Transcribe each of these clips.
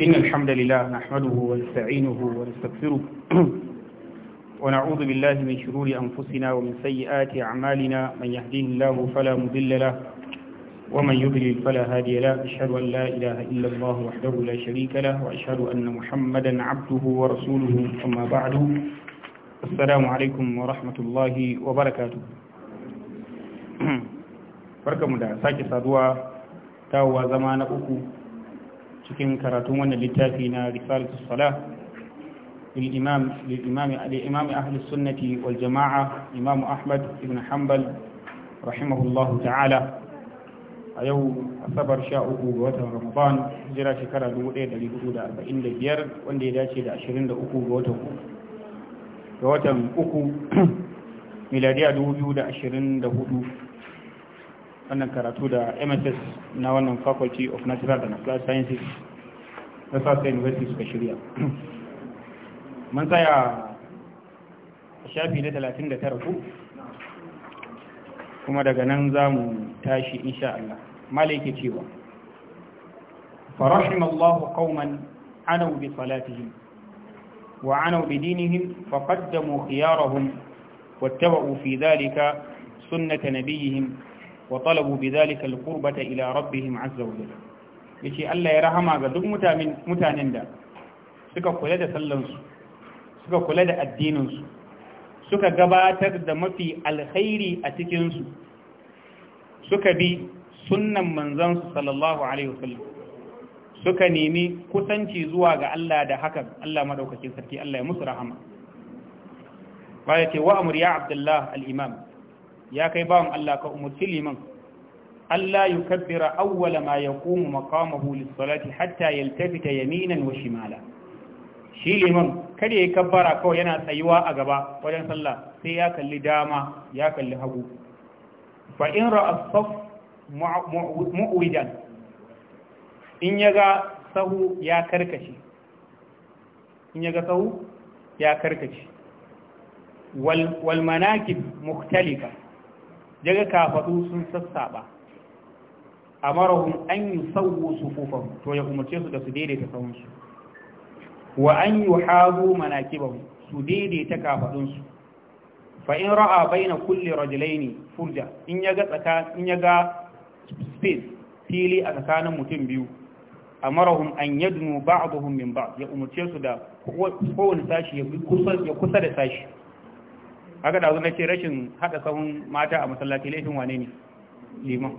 إن الحمد لله نحمده ونستعينه ونستغفره ونعوذ بالله من شرور أنفسنا ومن سيئات أعمالنا من يهديه الله فلا مضل له ومن يضلل فلا هادي له أشهد أن لا إله إلا الله وحده لا شريك له وأشهد أن محمدا عبده ورسوله أما بعد السلام عليكم ورحمة الله وبركاته بركة ساكي سادوا تاوى زمان أكو cikin karatun wannan littafi na risalatu sala للإمام أهل السنة والجماعة إمام أحمد بن حنبل رحمه الله تعالى a yau asabar sha uku ga watan ramadan jira shekara 1445 wanda ya dace da 23 ga watan uku ga watan uku miladiya wannan karatu da mss na wannan faculty of natural and applied sciences na sassa university suka shirya man tsaya a shafi na 39 ku kuma daga nan za mu tashi insha Allah malaike cewa farahim Allah qauman anau bi salatihim wa anau bi dinihim faqaddamu khiyarahum واتبعوا في ذلك سنة نبيهم wa talabu bi zalika alqurbata ila rabbihim azza wa jalla yace Allah ya rahama ga duk mutanen da suka kula da sallansu suka kula da addininsu suka gabatar da mafi alkhairi a cikinsu suka bi sunnan manzansu sallallahu alaihi wasallam suka nemi kusanci zuwa ga Allah da hakan Allah madaukakin sarki Allah ya musu rahama ba ya ce wa ya abdullah al-imam ya kai bawan Allah ka umurci liman Allah kabbira awwala ma yaqumu maqamahu lis-salati hatta yaltafita yaminan wa shimala shi liman kada ya yi kabbara kawai yana tsayuwa a gaba wajen sallah sai ya kalli dama ya kalli hagu fa in ra'a saf mu'widan in yaga sahu ya karkace in yaga sahu ya karkace wal manakib mukhtalifa ya kafadu sun sassaɓa a an yi sufufan to ya umarce su da su daidaita su wa an yi hazo manakibahu su daidaita su fa in ra'a baina kulli rajulaini furja in ya ga tsaka in ya ga space fili a tsakanin mutum biyu amarahum an yadnu ba'dhum min ba'd ya umarce su da kowane sashi ya kusa da sashi haka da na ce rashin haɗa sahun mata a masallaci laifin wane ne liman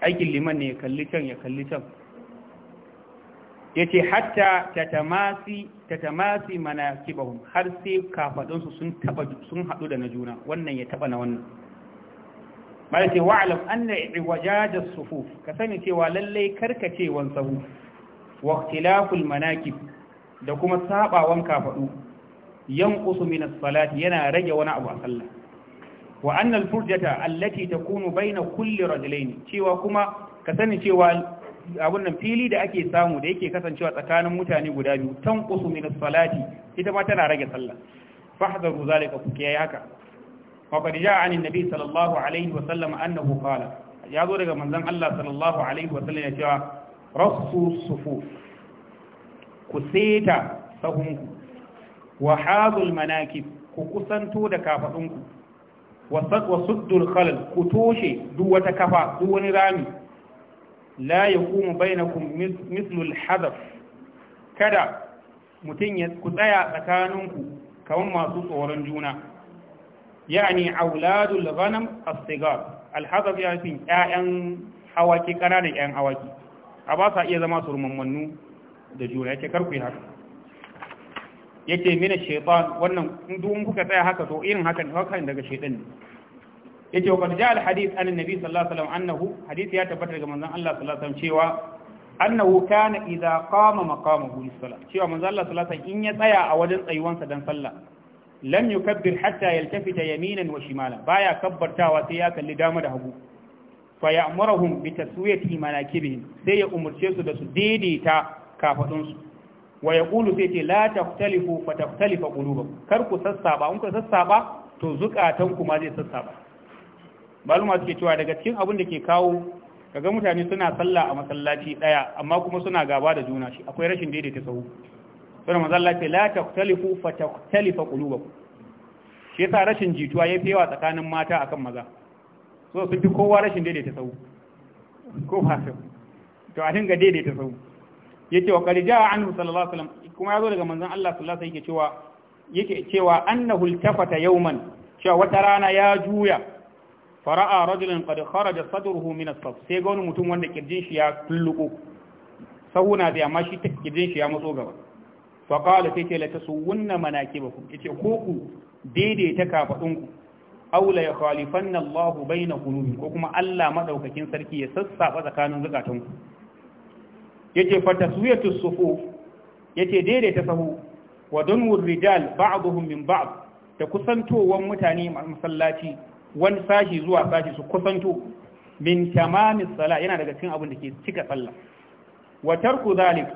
aikin liman ne ya kalli can ya kalli can ya ce hatta tatamasi mana kibahun har sai kafadunsu sun haɗu da na juna wannan ya taba na wannan mara ce alam an na da sufu ka sani cewa lallai karkacewan sahu waktilaful manakib da kuma sabawan kafadu. yanqusu min as-salati yana rage wani abu a sallah wa anna al-furjata allati takunu baina kulli rajulayn cewa kuma ka sani cewa abun nan fili da ake samu da yake kasancewa tsakanin mutane guda biyu tanqusu min salati ita ma tana rage sallah fahdharu zalika ku kiyaye haka wa qad ja'a an nabi sallallahu alaihi wa sallam annahu qala ya zo daga manzon Allah sallallahu alaihi wa sallam ya cewa rasu sufuf ku seta sahunku wa hazul manakib ku kusanto da kafadunku wa suddul khalal ku toshe duk wata kafa duk wani rami la yakumu bainakum mislul hadaf kada mutum ya ku tsaya tsakaninku kamar masu tsoron juna yani auladul ghanam as-sigar al-hadaf ya fi ƴaƴan hawaki da ƴaƴan hawaki a ba sa iya zama surmammannu da juna yake karku yi haka yake mina shaitan wannan in duk kuka tsaya haka to irin hakan hakan daga shaitan ne yake wa qad ja'a al-hadith an annabi sallallahu alaihi wasallam annahu hadith ya tabbata daga manzon Allah sallallahu alaihi wasallam cewa annahu kana idza qama maqamahu lis-salah cewa manzon Allah sallallahu alaihi wasallam in ya tsaya a wajen tsayuwansa dan sallah lam yukabbir hatta yaltafita yaminan wa shimala baya kabbartawa sai ya kalli dama da hagu fa ya'muruhum bi taswiyati manakibihim sai ya umurce su da su daidaita kafadunsu wa ƙulu sai ce la taftalifu fa taftalifa qulubukum kar ku ba in ku ba to zukatan ku ma zai sassaba maluma suke cewa daga cikin abin da ke kawo kaga mutane suna sallah a masallaci ɗaya amma kuma suna gaba da juna shi akwai rashin daidaita sahu sai manzo Allah ce la taftalifu fa taftalifa qulubukum shi yasa rashin jituwa ya yawa tsakanin mata akan maza so sun fi kowa rashin daidaita sahu ko ba to a dinga daidaita sahu yace wa qad jaa anhu sallallahu alaihi wasallam kuma yazo daga manzon Allah sallallahu alaihi wasallam yake cewa yake cewa annahu iltafata yawman cewa wata rana ya juya fara'a rajulan qad kharaja sadruhu min as-saf sai ga wani mutum wanda kirjin shi ya tulluko sahuna da amma shi kirjin shi ya matso gaba fa qala sai ce la tasawunna manakibakum yace ko ku daidaita kafadunku aw la yakhalifanna Allahu bainakum ko kuma Allah madaukakin sarki ya sassafa tsakanin ku. yace fa taswiyatu sufuf yace daidaita sahu wa dunwur rijal ba'dhum min ba'd ta kusantowar mutane masallaci wani sashi zuwa sashi su kusanto min tamamis sala yana daga cikin abin da ke cika sallah wa tarku zalik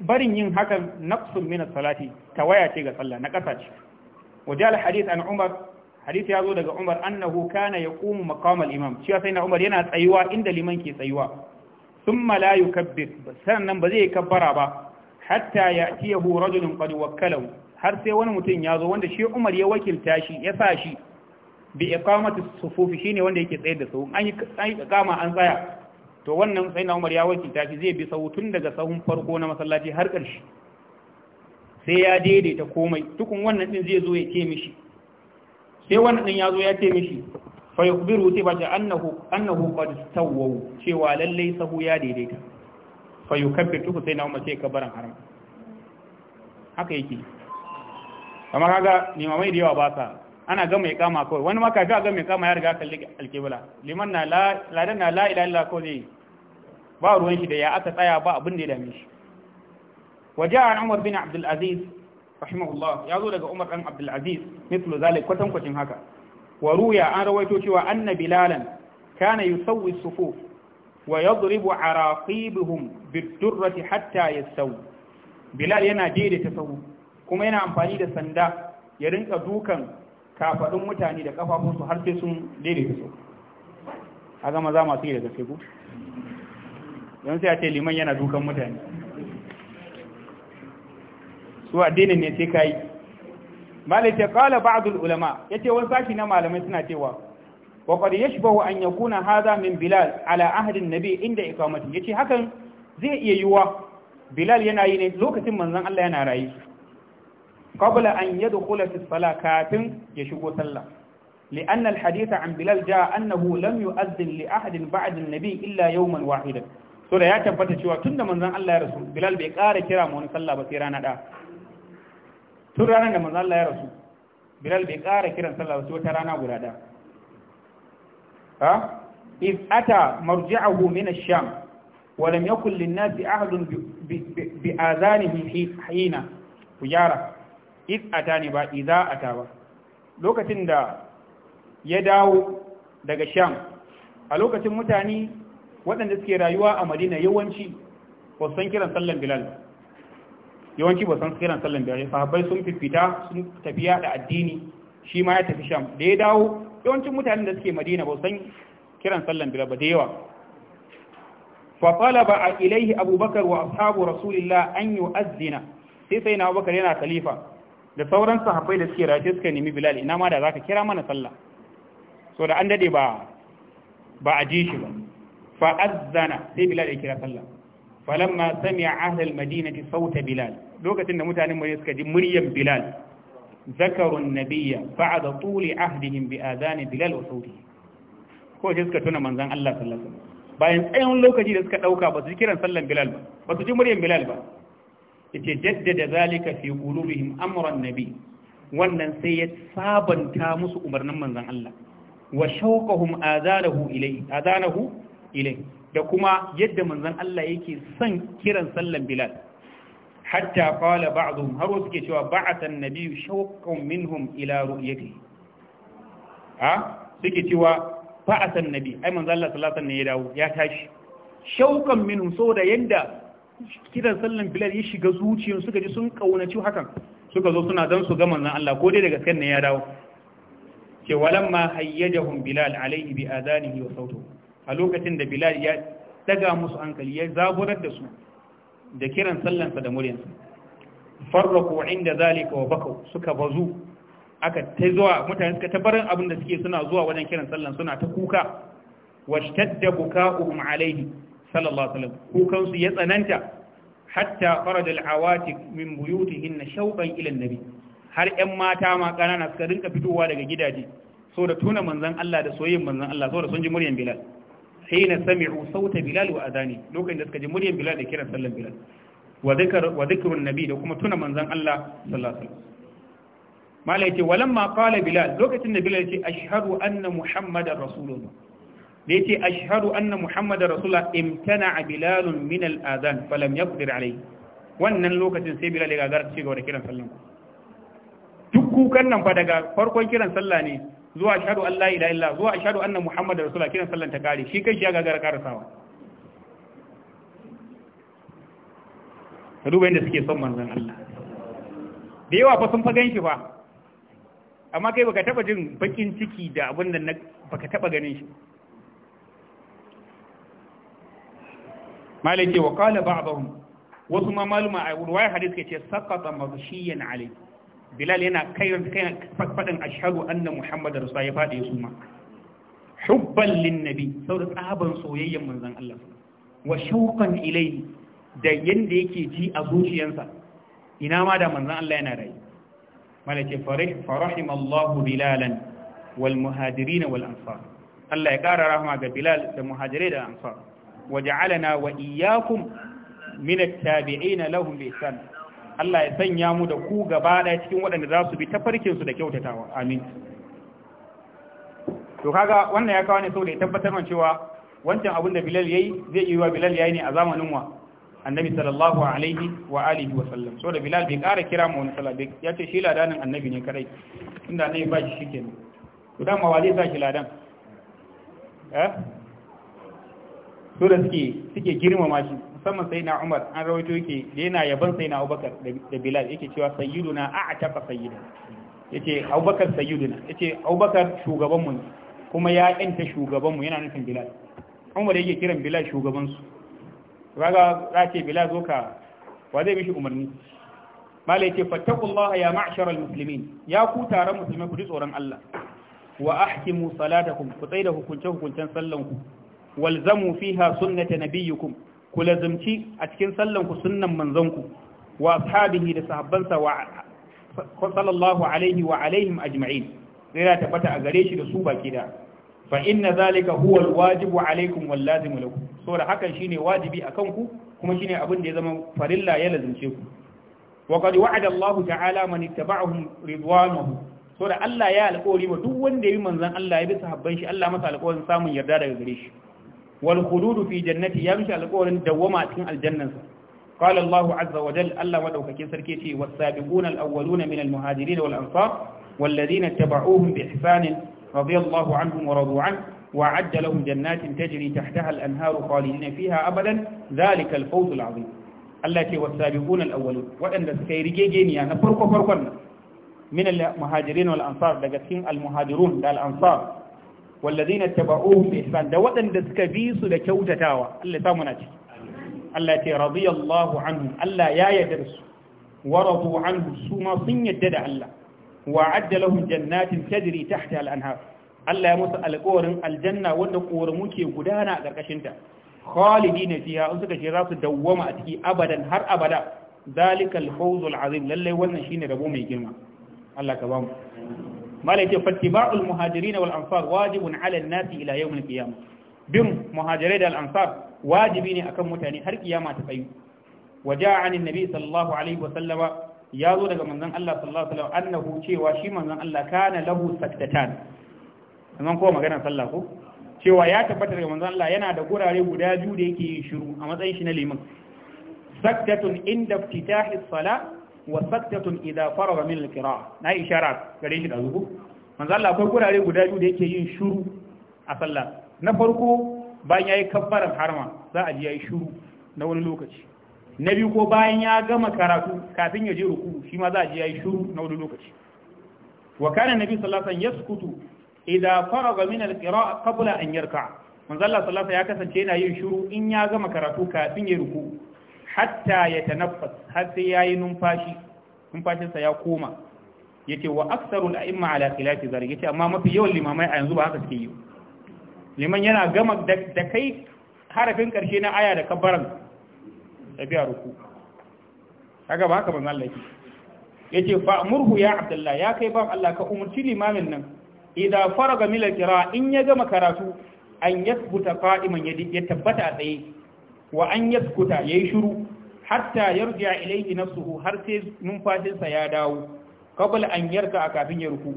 barin yin hakan naqsun min salati tawaya ce ga sallah na kasa ce wajal hadith an umar hadith ya zo daga umar annahu kana yaqumu maqam al imam shi sai na umar yana tsayuwa inda liman ke tsayuwa sun malayu kabbir sannan ba zai kabbara ba hatta ya tiyahu rajulun qad wakkalahu har sai wani mutum ya zo wanda shi Umar ya wakilta shi ya sa shi bi iqamati sufufi shine wanda yake tsayar da sahu an yi iqama an tsaya to wannan sai na Umar ya wakilta shi zai bi sahu tun daga sahun farko na masallaci har ƙarshe sai ya daidaita komai tukun wannan din zai zo ya ce mishi sai wannan din ya zo ya ce mishi fa yukhbiru sai bace annahu annahu qad sawwa cewa lalle sahu ya daidaita fa yukabbiru sai na umma sai kabaran haram haka yake amma haka, limamai da yawa ba sa ana gama ya kama kawai wani maka a gama ya kama ya riga kalli alkebula. liman na la ladan na la ilaha illa kawai ba ruwan shi da ya aka tsaya ba abin da ya dame shi waja an umar bin abdul aziz rahimahullah ya zo daga umar dan abdul aziz mithlu zalik kwatan kwacin haka wa ruya an rawaito cewa anna bilalan kana yusawwi sufuf wa yadribu araqibihum bid-durrati hatta yasaw bilal yana daidaita sahu kuma yana amfani da sanda ya rinka dukan kafadun mutane da kafafunsu har sai sun daidaita sahu a gama za masu yi da gaske ku don sai a ce liman yana dukan mutane su addinin ne sai ka yi malai ya kala ba ulama ya ce wani sashi na malamai suna cewa wa kwari ya shiba wa ya kuna haza min bilal ala ahadin nabi inda ya kawo ya ce hakan zai iya yiwuwa bilal yana yi ne lokacin manzan allah yana rayu kabula an yi da kafin ya shigo sallah li an hadisa an bilal da an nahu lam yu azin li ahadin ba'adin nabi illa yawman wahidan so da ya tabbata cewa tun da manzan allah ya rasu bilal bai kara kira ma wani sallah ba sai rana ɗaya tun ranar da mazalla Allah ya rasu Bilal bai ƙara kiran sallah wasu wata rana guda da ha iz ata marji'ahu min sham wa lam yakul nasi ahadun bi azanihi hina yara iz ata ne ba idza ata ba lokacin da ya dawo daga sham a lokacin mutane waɗanda suke rayuwa a madina yawanci ba san kiran sallan bilal yawanci ba san kiran sallan biyar sahabbai sun fifita sun tafiya da addini shi ma ya tafi sham da ya dawo yawancin mutanen da suke madina ba san kiran sallan biyar ba da yawa fa talaba ilaihi abubakar wa ashabu rasulillah an yu'azzina sai sai na abubakar yana khalifa da sauran sahabbai da suke rafi suka nemi bilal ina ma da zaka kira mana sallah so da an dade ba ba a ji shi ba fa azzana sai bilal ya kira sallah falamma sami'a ahlul madinati sauta bilal lokacin da mutanen madina suka ji muryan bilal zakarun nabiyya ba'da tuli ahdihim bi adani bilal wa sautihi ko sai suka tuna manzon Allah bayan tsayin lokaci da suka ɗauka ba su ji kiran sallan bilal ba ba su ji muryan bilal ba yace jaddada zalika fi qulubihim amran nabi wannan sai ya sabanta musu umarnin manzon Allah wa shauqahum azanahu ilai azanahu ilai da kuma yadda manzan Allah yake son kiran sallan Bilal hatta qala ba'dhum har wasu ke cewa ba'atha an-nabiy shawqan minhum ila ru'yati ha suke cewa ba'atha an-nabi ai manzan Allah sallallahu alaihi wasallam ya dawo ya tashi shawqan minhum saboda yadda kiran sallan Bilal ya shiga zuciyarsu suka ji sun kaunaci hakan suka zo suna dan su ga manzan Allah ko dai daga gaskiyar ne ya dawo ce walamma hayyajahum Bilal alaihi bi adanihi wa sautihi a lokacin da bilal ya daga musu hankali ya zaburar da su da kiran sallansa da muryansa farraku inda zalika wa bakau suka bazu aka ta zuwa mutane suka tabarin abin da suke suna zuwa wajen kiran sallan suna ta kuka washtadda buka'uhum alaihi sallallahu alaihi wasallam kukan su ya tsananta hatta faraj alawatiq min buyutihin shauqan ila nabi, har ƴan mata ma kanana suka rinka fitowa daga gidaje so da tuna manzon Allah da soyayyen manzon Allah so da sun ji muryan Bilal hina sami'u sauta bilal wa adani lokacin da suka ji muryar bilal da kiran sallan bilal wa dhikr wa dhikrun nabi da kuma tuna manzon Allah sallallahu alaihi wasallam mala yace walamma qala bilal lokacin da bilal yace ashhadu anna muhammadar rasulullah da yace ashhadu anna muhammadar rasulullah imtana'a bilal min al-adhan falam wannan lokacin sai bilal ya gagara ci gaba da kiran sallan duk kukan nan fa daga farkon kiran sallah ne zuwa ashhadu Allah la ilaha illallah zuwa ashhadu anna muhammadar rasulullah kiran sallan ta kare shi kai shi ya gagara sawa ka duba yadda suke son manzon Allah da yawa fa sun fa shi fa amma kai baka taba jin bakin ciki da abin da baka taba ganin shi malai wa qala ba'dhum wasu ma maluma a ruwayar hadis ke ce saqata maghshiyan alayhi bilal yana kai faɗin ashhadu anna muhammadar rasulullah ya faɗi ya suma hubban linnabi da tsaban soyayyen Manzan Allah wa shauqan ilai da yanda yake ji a zuciyansa. ina ma da Manzan Allah yana rai malaka farih farahimallahu bilalan wal muhajirin wal ansar Allah ya kara rahama ga bilal da muhajirai da ansar waja'alana wa iyyakum min at-tabi'in lahum bi ihsan Allah ya sanya mu da ku gaba ɗaya cikin waɗanda za su bi ta su da kyautatawa amin to kaga wannan ya kawo ne saboda ya tabbatar cewa wancan abin da Bilal yayi zai yi wa Bilal yayi ne a zamanin wa annabi sallallahu alaihi wa alihi wa sallam saboda Bilal bai ƙara kira mu wani sallah ya ce shi ladanin annabi ne kadai inda annabi ba shi shikenan to dan wa zai sa shi ladan eh so da suke suke girmama shi musamman sai na umar an rawaito yake da yana yaban sai na abubakar da bilal yake cewa sayyiduna a a tafa sayyida yace abubakar sayyiduna yace abubakar shugabanmu ne kuma ya yanta shugabanmu yana nufin bilal umar yake kiran bilal shugabansu kaga za ce bilal zo ka wa zai mishi umarni mala yace fattaqullaha ya ma'sharal muslimin ya ku taron musulmai ku ji tsoron Allah wa ahkimu salatakum ku tsaida hukunce hukuncen sallanku walzamu fiha sunnata nabiyikum ku lazumci a cikin sallanku ku sunnan manzonku wa ashabihi da sahabbansa wa sallallahu alaihi wa alaihim ajma'in tsira tabbata a gare shi da su baki da fa inna zalika huwa alwajibu alaikum wal lazimu lakum saboda hakan shine wajibi akan ku kuma shine abin da ya zama farilla ya lazumce ku wa qad wa'ada Allah ta'ala man ittaba'ahum ridwanuhu da Allah ya alƙawari ma duk wanda ya bi manzon Allah ya bi sahabban shi Allah masa alƙawarin samun yarda daga gare shi والخلود في fi يا مش على alƙawarin dawwama cikin قال الله عز وجل ألا ولو كسركتي والسابقون الأولون من المهاجرين والأنصار والذين اتبعوهم بإحسان رضي الله عنهم ورضوا عنه وعد لهم جنات تجري تحتها الأنهار خالدين فيها أبدا ذلك الفوز العظيم التي والسابقون الأولون وأن سكيرجي أنا نفرق فرقنا من المهاجرين والأنصار لقد المهاجرون الأنصار wallazi na taba'o bisan da waɗanda suka bi su da kyautatawa Allah ya samu na Allah ya radiyallahu anhu Allah ya yarda su waradu anhu su ma sun yarda da Allah wa'adda lahum jannatin tajri tahta al-anhar Allah ya musu alƙawarin aljanna wanda ƙoramu ke gudana a ƙarƙashin ta khalidina fiha in suka ce za su dawwama a ciki abadan har abada zalikal fawzul azim lallai wannan shine rabo mai girma Allah ka ba mu malai ce fattiba'ul muhajirin wal ansar wajibun ala an-nas ila yawm al-qiyamah bin muhajirai da al-ansar wajibi ne akan mutane har kiyama ta tsayu waja'a an nabi sallallahu alaihi wa sallama ya zo daga manzon Allah sallallahu alaihi wa sallam annahu cewa shi manzon Allah kana lahu saktatan annan ko magana sallah ko cewa ya tabbata daga manzon Allah yana da gurare guda biyu da yake yin shiru a matsayin shi na liman saktatun inda iftitahi salat wasaktatun idan fara ga milin kira na na ishara gare shi da zuku manzan lafai akwai gurare guda biyu da yake yin shuru a sallah na farko bayan ya yi kabbaran harma za a ji yi shuru na wani lokaci na biyu ko bayan ya gama karatu kafin ya je ruku shi ma za a ji yi shuru na wani lokaci wa kanan nabi sallasan ya sukutu idan fara ga milin kira qiraa qabla an yarka manzan lafai ya kasance yana yin shuru in ya gama karatu kafin ya ruku hatta ya tanaffas har sai yayi numfashi numfashinsa ya koma yace wa aktharul imma ala khilafi ya yace amma mafi yawan limamai a yanzu ba haka suke yi liman yana gama da kai harafin karshe na aya da kabbaran tafiya ruku haka ba haka ban Allah yake yace fa murhu ya Abdullahi ya kai ban Allah ka umurci limamin nan idza faraga min al in ya gama karatu an yasbuta qa'iman ya tabbata a tsaye wa an yaskuta ya yi shiru hatta yarja na suhu har sai numfashinsa ya dawo kabul an yarka a kafin ya ruku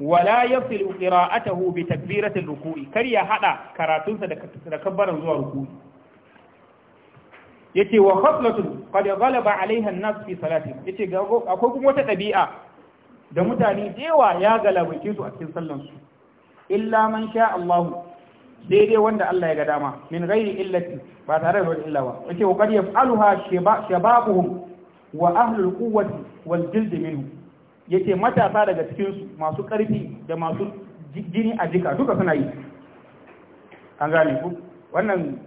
wala a qira'atahu bi takbiratil ruku'i kar ya hada karatunsa da kabbaran zuwa ruku'i yace wa khaflatun qad ghalaba alaiha alaihan nas fi ya yace akwai kuma wata ɗabi'a da mutane da ya galabace su a cikin sallansu illa man sha allahu daidai wanda Allah ya ga dama min ghairi illati ba tare da illa ba yake kokari ya faluha shababuhum wa ahlul quwwati wal jild minhu yace matasa daga cikin su masu karfi da masu gini a jika duka suna yi an gane ku wannan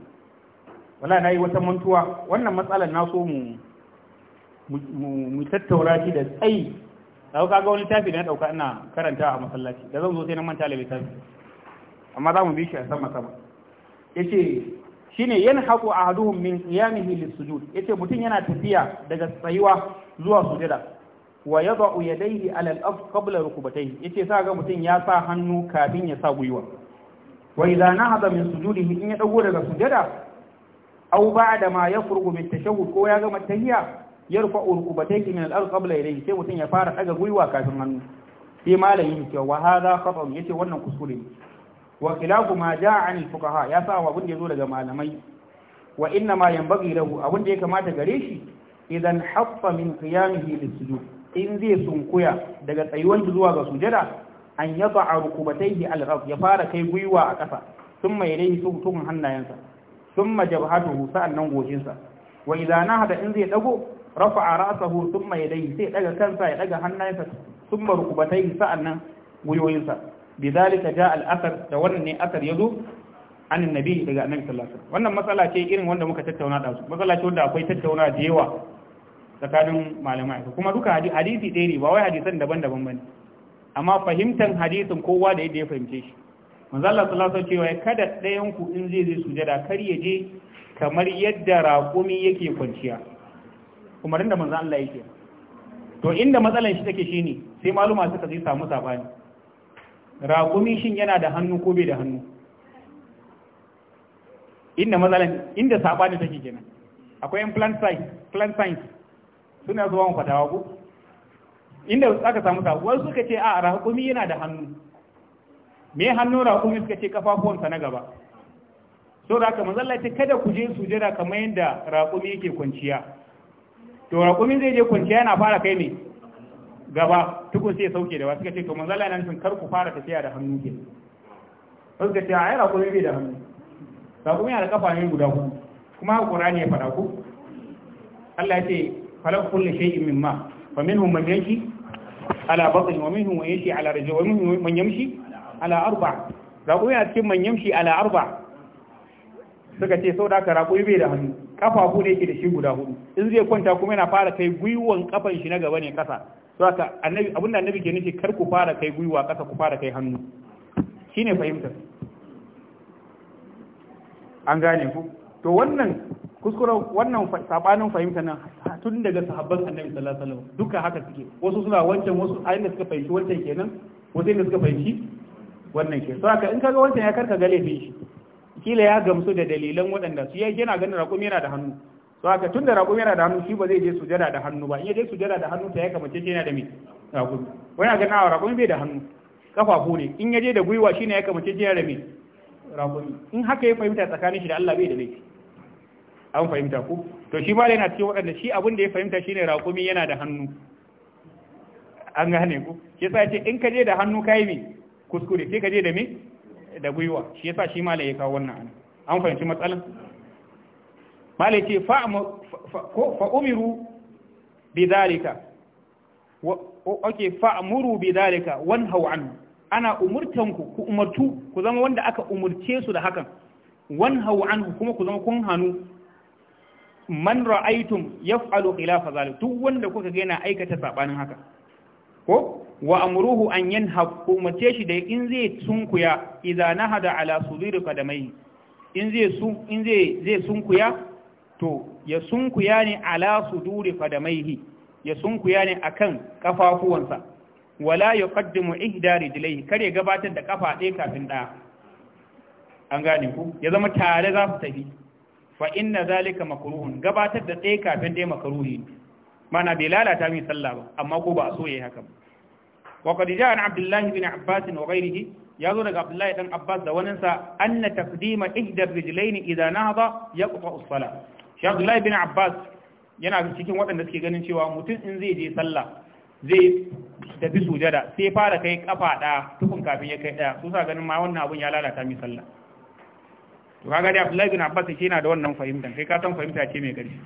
wala nayi wata mantuwa wannan matsalar na so mu mu tattaura shi da tsayi da kaga wani tafi da na dauka ina karanta a masallaci da zan zo sai na manta da littafi amma za mu bi shi a sama sama yace shine a ahaduhum min qiyamihi lis-sujud ce mutum yana tafiya daga tsayuwa zuwa sujada wa yada'u yadayhi ala al-ard qabla rukubatayhi yace sa ga mutum ya sa hannu kafin ya sa gwiwa wa idza nahada min sujudihi in ya dago daga sujada aw da ma yafrugu min tashahhud ko ya gama tahiyya yarfa'u rukubatayhi min al-ard qabla yadayhi sai mutum ya fara daga gwiwa kafin hannu sai malamin ya ce wa hadha khata'un ce wannan kuskure ne wa khilafu ma jaa an fuqaha ya sa wa abun da yazo daga malamai wa inna ma yanbaghi lahu abun da ya kamata gare shi idan haffa min qiyamihi lisujud in zai sunkuya daga tsayuwan zuwa ga sujada an yada'a rukubatayhi al-ghaf ya fara kai gwiwa a ƙasa thumma yadayhi tukun hannayensa thumma jabhatuhu sa'annan goshinsa wa idza nahada in zai dago rafa'a ra'sahu thumma yadayhi sai daga kansa ya daga hannayensa thumma rukubatayhi sa'annan gwiwoyinsa bi zalika ja al da wannan ne asar yazo an annabi daga annabi sallallahu alaihi wannan matsala ce irin wanda muka tattauna da su matsala ce wanda akwai tattauna da yawa tsakanin malamai kuma duka hadisi ɗaya ne ba wai hadisan daban-daban bane amma fahimtar hadisin kowa da yadda ya fahimce shi manzo Allah sallallahu alaihi wasallam cewa kada ɗayan ku in zai zai sujada kar ya je kamar yadda raƙumi yake kwanciya kuma da manzo Allah yake to inda matsalan shi take shine sai maluma suka zai samu sabani raƙumi shin yana da hannu ko bai da hannu inda matsalan inda saɓani take kenan akwai yan plant science suna zuwa mu fatawa ko inda aka samu ta, wasu suka ce a raƙumi yana da hannu me hannu raƙumi suka ce kafafuwansa na gaba so da haka manzalla ta kada ku je sujada kamar yadda raƙumi yake kwanciya to raƙumi zai je kwanciya yana fara kai ne gaba tukun sai sauke da wasu kace to manzo Allah yana nufin kar ku fara tafiya da hannu ke wasu kace ai raƙumi bai da hannu raƙumi yana da kafa ne guda huɗu kuma Qur'ani ya fara ku Allah ya ce falak kullu shay'in mimma fa minhum man yamshi ala batni wa minhum man yamshi ala rijli wa minhum man yamshi ala arba raƙumi a cikin man yamshi ala arba suka ce sau da ka raƙuri bai da hannu ƙafafu ne ke da shi guda hudu in zai kwanta kuma yana fara kai gwiwon ƙafan shi na gaba ne ƙasa so haka annabi abinda annabi ke nufi kar ku fara kai gwiwa kasa ku fara kai hannu shine fahimtar an gane ku to wannan kuskure wannan sabanin fahimta nan tun daga sahabban annabi sallallahu alaihi wasallam duka haka suke wasu suna wancan wasu ayin da suka fahimci wancan kenan wasu da suka fahimci wannan ke so haka in kaga wancan ya karka ga laifin shi kila ya gamsu da dalilan waɗanda su yana ganin raƙumi yana da hannu to haka tun da raƙumi yana da hannu shi ba zai je sujada da hannu ba in ya je sujada da hannu ta ya kamace ce yana da me raƙumi wani a ganin a raƙumi bai da hannu kafafu ne in ya je da gwiwa shi ne ya kamace ce yana da me raƙumi in haka ya fahimta tsakanin shi da Allah bai da laifi an fahimta ku to shi ma yana cikin waɗanda shi abin da ya fahimta shi ne raƙumi yana da hannu an gane ku shi yasa ce in ka je da hannu kai mai kuskure sai ka je da mi da gwiwa shi yasa shi ma ya kawo wannan an fahimci matsalan malai ce fa'umiru bi zalika oke fa'amuru bi zalika wan hau'an ana umurtanku ku umartu ku zama wanda aka umurce su da hakan wan hau'an kuma ku zama kun hannu man ya yaf'alu khilafa zalik duk wanda kuka ga yana aikata sabanin haka ko wa amruhu an yanha ku umarce shi da in zai sunkuya idza nahada ala sudir qadamai in zai sun in zai zai sunkuya to ya sunkuya ne ala suduri qadamaihi ya sunkuya ne akan kafafuwansa wala ya yuqaddimu ihda dilai kare gabatar da kafa ɗaya kafin ɗaya an gane ku ya zama tare za su tafi fa inna zalika makruhun gabatar da ɗaya kafin ɗaya makruhi mana bai lalata min sallah ba amma ko ba a so yayi haka ba wa qad ja'a abdullahi bin abbas wa ghayrihi ya zo daga abdullahi dan abbas da waninsa anna taqdima ihdar rijlaini idza nahada yaqta as-salah shi abdullahi bin abbas yana cikin waɗanda suke ganin cewa mutum in zai je sallah zai tafi sujada sai fara kai kafa ɗaya tukun kafin ya kai ɗaya su sa ganin ma wannan abun ya lalata mi sallah to kaga dai abdullahi bin abbas shi yana da wannan fahimtar kai ka san fahimta ce mai ƙarfi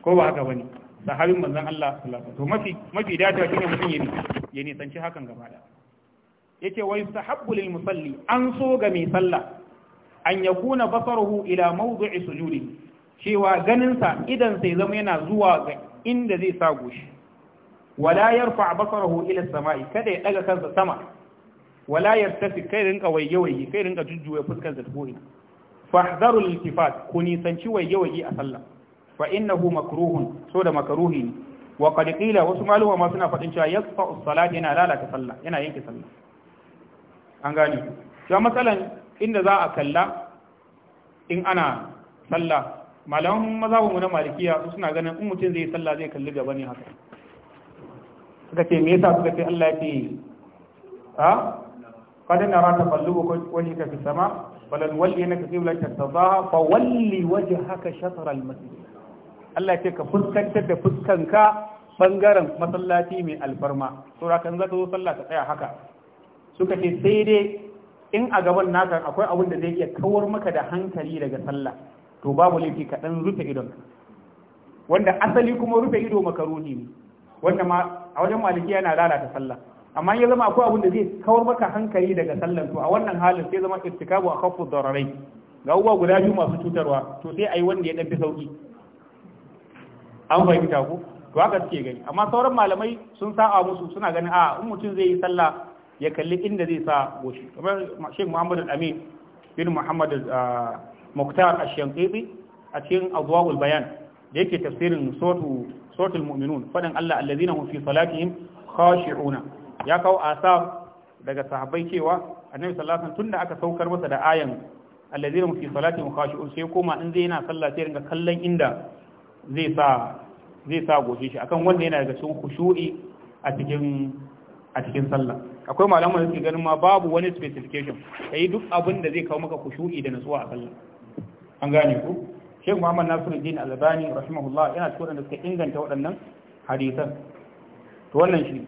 ko ba haka bane sahabin manzon Allah sallallahu alaihi wasallam mafi mafi dacewa shine mutum ya ya nisanci hakan gaba da yace wa yustahabbu lil musalli an so ga mai sallah an yakuna basaruhu ila mawdu'i sujudi cewa ganinsa idan sai zama yana zuwa ga inda zai sa goshi wala yarfa basarahu ila samai kada ya daga kansa sama wala yartafi kai rinka waye waye kai rinka jujjuya fuskar da ko ina fahdharu iltifat ku nisanci waye waye a sallah fa innahu makruhun so da makruhi ne wa qad qila wasu maluma ma suna fadin cewa yaqfa as-salat yana lalata sallah yana yanke sallah an gane. to matsalan inda za a kalla in ana sallah malaman mazhabin na malikiya su suna ganin in mutum zai sallah zai kalli gaba ne haka suka ce me yasa suka ce Allah ya ce ha qad ko wani ka fi sama balan walli annaka qiblatan ba fa walli wajhaka shatr al masjid Allah ya ce ka fuskantar da fuskanka bangaren masallaci mai alfarma ra kan zaka zo sallah ka tsaya haka suka ce sai dai in a gaban naka akwai abin da zai iya kawar maka da hankali daga sallah to babu laifi ka dan rufe idon wanda asali kuma rufe ido makaruni ne wanda ma a wajen maliki yana lalata sallah amma ya zama akwai abin da zai kawar maka hankali daga sallan to a wannan halin sai zama irtikabu a khaffu dararai ga uwa guda biyu masu cutarwa to sai ayi wanda ya dafi sauki an fahimta ku to haka suke gani amma sauran malamai sun sa'a musu suna ganin a in mutum zai yi sallah ya kalli inda zai sa goshi kamar Sheikh muhammadu amin bin Muhammad ah, muktar ash-shanqibi a cikin adwaul bayan da yake tafsirin suratu suratul mu'minun fadin Allah allazina hum fi salatihim khashi'una ya kawo asa daga sahabbai cewa annabi sallallahu alaihi tunda aka saukar masa da ayan allazina hum fi salatihim khashi'un sai koma in zai yana sallah sai ringa kallon inda zai sa zai sa gobe shi akan wanda yana daga cikin khushu'i a cikin a cikin sallah akwai malaman da suke ganin ma babu wani specification kai duk abin da zai kawo maka khushu'i da nutsuwa a sallah an gane ku Sheikh Muhammad Nasiruddin Albani rahimahullah yana cikin da suka inganta waɗannan hadisan to wannan shi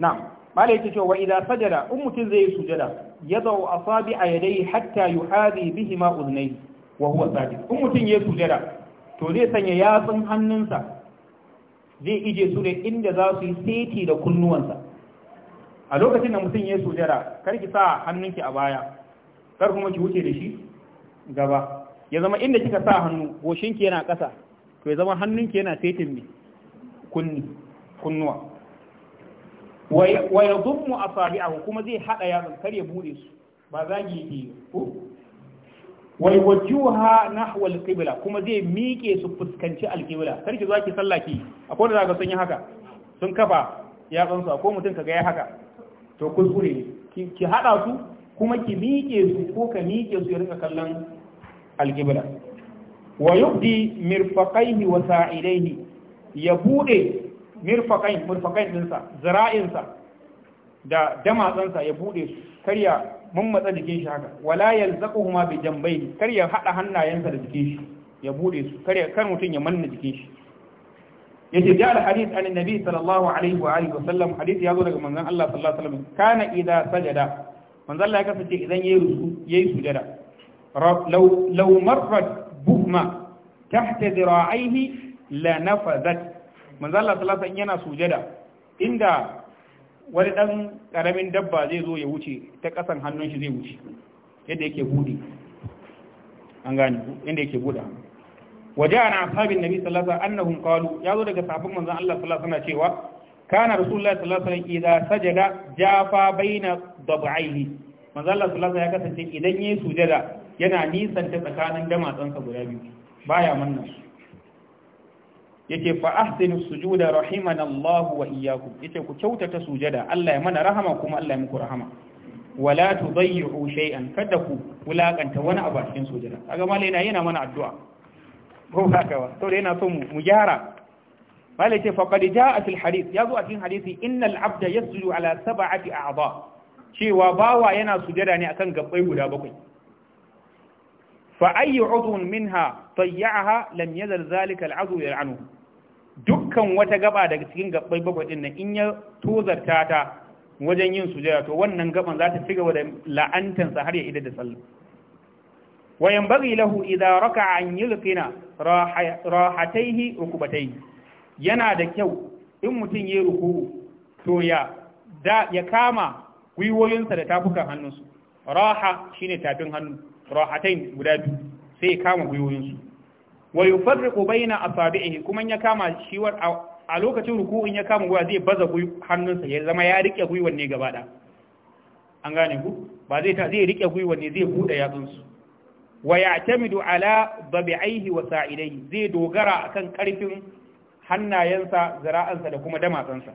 na'am malai yake cewa idan sajada in mutum zai yi sujada yadau asabi a yadai hatta yuhadi bihima uznai wa huwa sajid in mutum ya sujada to zai sanya yatsun hannunsa zai ije su ne inda za su yi seti da kunnuwansa a lokacin da mutum ya sujada kar ki sa hannunki a baya kar kuma ki wuce da shi gaba ya zama inda kika sa hannu goshinki yana ƙasa to ya zama hannunki yana tetin ne kunni kunnuwa wa ya zummu asabi'ahu kuma zai hada yatsun kar ya bude su ba zagi yake ko wa yuwajjuha nahwa al-qibla kuma zai miƙe su fuskanci al-qibla kar ki zo ki sallaki akwai da zaka sanya yi haka sun kafa yatsun su ko mutum kaga ya haka to kuskure ki hada su kuma ki miƙe su ko ka miƙe su ya rinka kallon alƙibla wa yubdi mirfaqaihi wa sa'idaihi ya bude mirfaqain mirfaqain dinsa zira'insa da damatsansa ya bude karya mummatsa jikin shi haka wala yalzaquhuma bi jambayhi karya hada hannayensa da jikin shi ya bude su karya kan mutum ya manna jikin shi yace da alhadith an annabi sallallahu alaihi wa alihi wa sallam hadith ya zo daga manzon Allah sallallahu alaihi wa sallam kana idza sajada manzon Allah ya kasance idan yayi ruku yayi sujada لو لو مرت بهمة تحت ذراعيه لنفذت manzo Allah sallallahu alaihi yana sujada inda wani dan karamin dabba zai zo ya wuce ta kasan hannun shi zai wuce yadda yake hudi an gane inda yake buda waja'a na ashabin nabi sallallahu alaihi annahum qalu daga sahabban manzo Allah sallallahu alaihi cewa kana rasulullahi sallallahu alaihi idza sajada jafa baina dab'aihi manzo Allah sallallahu alaihi ya kasance idan yayi sujada yana nisan ta tsakanin damatsansa guda biyu ba ya manna su yake fa ahsinu sujuda rahimana Allah wa iyyakum yace ku kyautata sujada Allah ya mana rahama kuma Allah ya muku rahama wala tu tudayyi'u shay'an kada ku wulakanta wani abu a cikin sujada kaga malai yana yana mana addu'a ko haka ba to yana so mu gyara malai ce fa a ja'at al ya zo a cikin hadisi innal abda yasjudu ala sab'ati a'dha cewa bawa yana sujada ne akan gabbai guda bakwai fa ayyu udhun minha tayya'aha lam yazal zalika al'adhu yal'anu dukkan wata gaba daga cikin gabbai bakwai din nan in ya tozarta ta wajen yin sujada to wannan gaban za ta ci gaba da la'antarsa har ya ida da sallah wa yanbaghi lahu idza raka'a an yulqina rahataihi rukubatai yana da kyau in mutum ya ruku to ya da ya kama gwiwoyinsa da tafukan hannunsu raha shine tafin hannu rahatain guda biyu sai ya kama gwiwoyinsu wa yufarriqu baina asabi'ihi kuma ya kama shi a lokacin ruku'in ya kama gwiwa zai baza hannunsa ya zama ya rike gwiwan ne gaba da an gane ku ba zai ta zai rike gwiwan ne zai bude yatsunsu wa ya'tamidu ala dabi'ihi wa sa'idaihi zai dogara akan karfin hannayensa zara'ansa da kuma damatsansa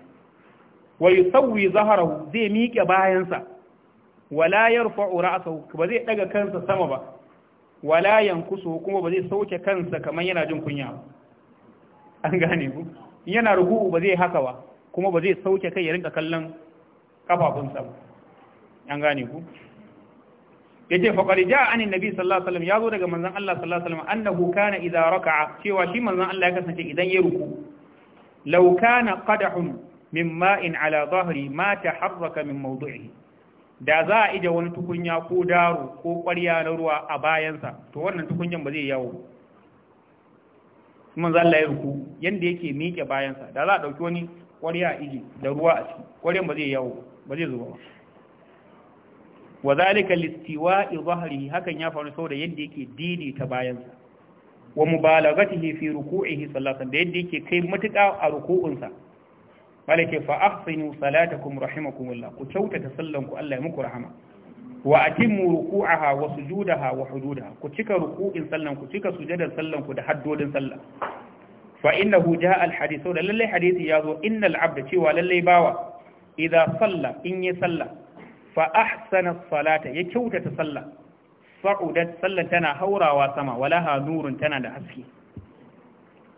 wa yusawwi zaharahu zai miƙe bayansa wala yarfa'u ra'sahu ba zai ɗaga kansa sama ba wala yankusu kuma ba zai sauke kansa kamar yana jin kunya an gane ku yana ruku'u ba zai haka ba kuma ba zai sauke kai ya rinka kallon kafafunsa ba an gane ku yace fa qad an anin nabi sallallahu alaihi wasallam zo daga manzon Allah sallallahu alaihi wasallam annahu kana idza raka'a cewa shi manzon Allah ya kasance idan ya ruku law kana qadahun min ma'in ala dhahri ma taharraka min mawdu'ihi da za a ije wani tukunya ko daro ko ƙwarya na ruwa a bayansa to wannan tukunyan ba zai yawo kuma zalla ya ruku yanda yake miƙe bayansa da za a ɗauki wani ƙwarya a ije da ruwa a ciki ƙwaryan ba zai yawo ba zai zuba ba wa zalika listiwa'i zahrihi hakan ya faru saboda yadda yake ta bayansa wa mubalagatihi fi ruku'ihi sallallahu alaihi da yadda yake kai matuƙa a ruku'unsa malike fa ahsinu salatakum rahimakumullah ku kyautata sallan ku Allah ya muku rahama wa atimmu ruku'aha wa sujudaha wa hududaha ku cika ruku'in sallan ku cika sujudar sallan ku da haddodin sallah fa innahu jaa al hadith da lalle hadisi yazo innal abda cewa lalle bawa idza salla in yi salla fa ahsana salata ya kyautata salla sa'udat sallan tana haurawa sama walaha nurun tana da haske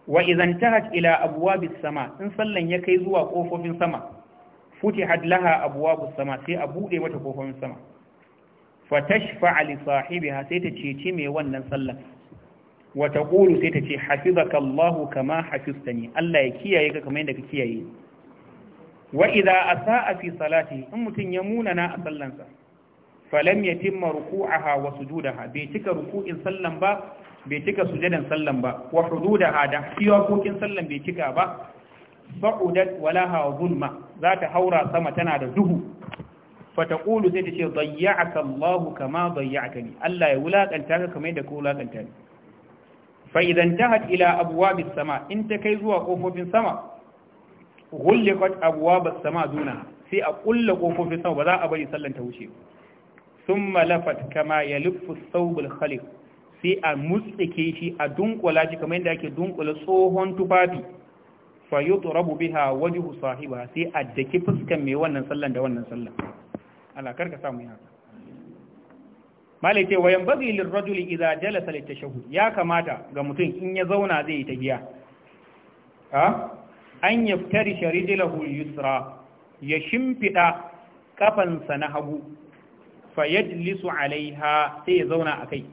wa idan tahat ila abwabis sama in sallan ya kai zuwa kofofin sama futihat laha abwabus sama sai a bude mata kofofin sama fatashfa'a li sahibiha sai ta cece mai wannan sallan wa taqulu sai ta ce hafizaka Allah kama hafiztani Allah ya kiyaye ka kamar yadda ka kiyaye wa idza asaa fi salati in mutun ya munana a sallansa falam yatimma ruku'aha wa sujudaha bai cika ruku'in sallan ba bai cika sujadan sallan ba wa hududaha da iyakokin sallan bai cika ba fa'udat walaha zulma za ta haura sama tana da duhu fataqulu sai ta ce dayya'aka Allah kama dayya'akani Allah ya wulakanta ka kamar yadda ka wulakanta ni fa idan tahat ila abwabis sama in ta kai zuwa kofofin sama ghulqat abwabas sama duna sai a kulle kofofin sama ba za a bari sallan ta wuce thumma lafat kama yalfu thawbul khaliq sai a mutsike shi a dunkula shi kamar yadda ake dunkula tsohon tufafi fa rabu biha wajhu sahiba sai a daki fuskan mai wannan sallan da wannan sallan alakar ka sa mu haka malai ce wayan bazi rajuli idza jalasa shahu. ya kamata ga mutum in ya zauna zai yi tafiya. ha an yaftari sharidilahu yusra ya shimfiɗa kafansa na hagu fayajlisu alaiha sai ya zauna a kai.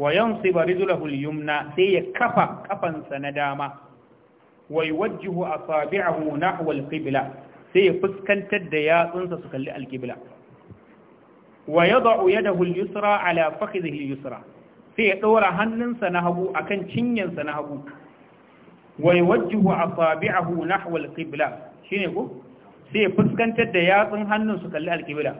wa yansiba rijlahu al-yumna sai ya kafa kafansa na dama wa yuwajjihu asabi'ahu nahwa al-qibla sai ya fuskantar da yatsunsa su kalli al-qibla wa yada'u yadahu al-yusra ala fakhidhihi al-yusra sai ya dora hannunsa na hagu akan cinyansa na hagu wa yuwajjihu asabi'ahu nahwa al-qibla shine ko sai ya fuskantar da yatsun hannun su kalli al-qibla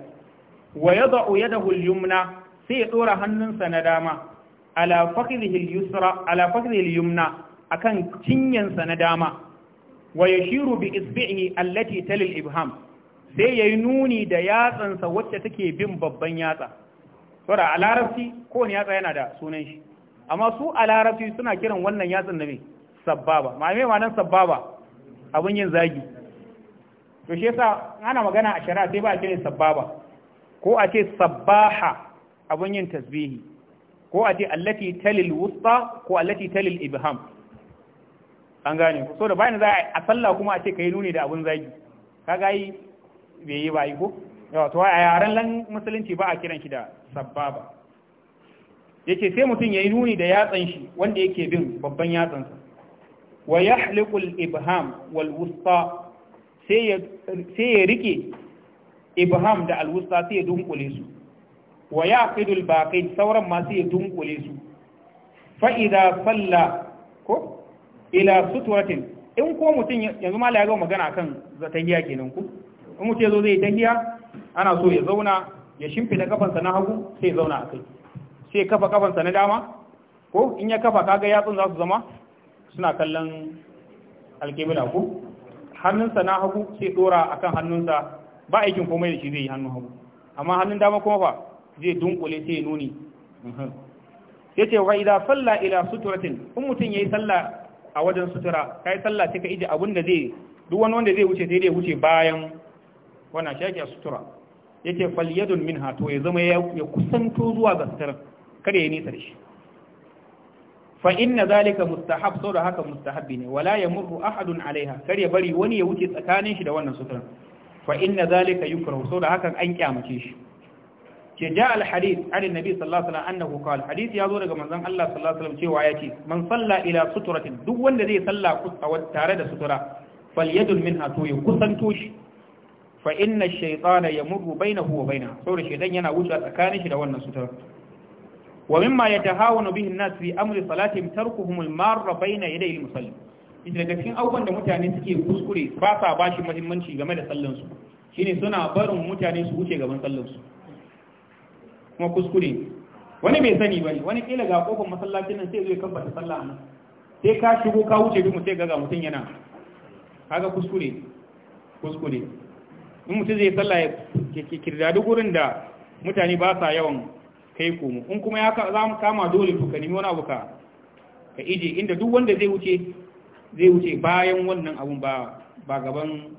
wa yada'u yadahu al-yumna sai ya dora hannunsa na dama ala fakhidhihi al-yusra ala al-yumna akan cinyansa na dama wa yashiru bi isbi'ihi allati tali al-ibham sai yayi nuni da yatsansa wacce take bin babban yatsa saboda a larabci kowane yatsa yana da sunan shi amma su a larabci suna kiran wannan yatsan da me sabbaba ma mai ma'anar sabbaba abun yin zagi to shi yasa ana magana a shari'a sai ba a kiran sabbaba ko a ce sabbaha abun yin tasbihi ko a ce allati talil wusta ko allati talil ibham an gane so da bayan za a sallah kuma a ce kai nuni da abun zagi kaga yi bai yi ba ko yawa to a yaran lan musulunci ba a kiran shi da sabba ba yace sai mutum yayi nuni da yatsan shi wanda yake bin babban yatsan sa wa yahliqu al ibham wal wusta sai ya sai rike ibham da al sai ya dunkule su wa yaqidul baqin sauran masu yi dunkule su fa'ida falla ko ila suturatin in ko mutum yanzu ma ya zo magana akan tahiya kenan ku in mutum yazo zai tahiya ana so ya zauna ya shimfida kafansa na hagu sai ya zauna a kai sai kafa kafansa na dama ko in ya kafa kaga yatsun za su zama suna kallon alkebila ko hannunsa na hagu sai dora akan hannunsa ba aikin komai da shi zai yi hannun hagu amma hannun dama kuma fa zai dunkule sai ya nuni ya ce wa idan salla ila suturatin in mutum ya yi salla a wajen sutura ka yi salla sai ka ije abin da zai duk wani wanda zai wuce sai dai wuce bayan wannan shaki a sutura ya ce falyadun min hato ya zama ya kusanto zuwa ga sutura kada ya nisa da shi fa inna zalika mustahab sau da haka mustahabbi ne wala ya murru ahadun alaiha kar ya bari wani ya wuce tsakanin shi da wannan sutura fa inna zalika yukrahu sau da hakan an kyamace shi ce ja al-hadith an annabi sallallahu alaihi wasallam annahu qala hadith ya zo daga manzon Allah sallallahu alaihi wasallam cewa yace man salla ila suturatin duk wanda zai salla kusa tare da sutura falyadul minha to ya kusanto shi fa inna ash-shaytana yamurru bainahu wa bainaha saboda shaytan yana wuce tsakanin shi da wannan sutura wa mimma yatahawanu bihi an-nas fi amri salatihim tarkuhum al-marra bayna yaday al-musalli daga cikin abubuwan da mutane suke kuskure ba sa bashi muhimmanci game da sallansu shine suna barin mutane su wuce gaban sallansu kuma kuskure wani bai sani ba ne wani kila ga kofar masallacin nan sai zai kabbata sallah nan sai ka shigo ka wuce bi mutai ga mutum yana kaga kuskure kuskure in mutum zai sallah ya kirdadu gurin da mutane ba sa yawan kai komo in kuma ya za mu kama dole to ka nemi wani abu ka ka ije inda duk wanda zai wuce zai wuce bayan wannan abun ba ba gaban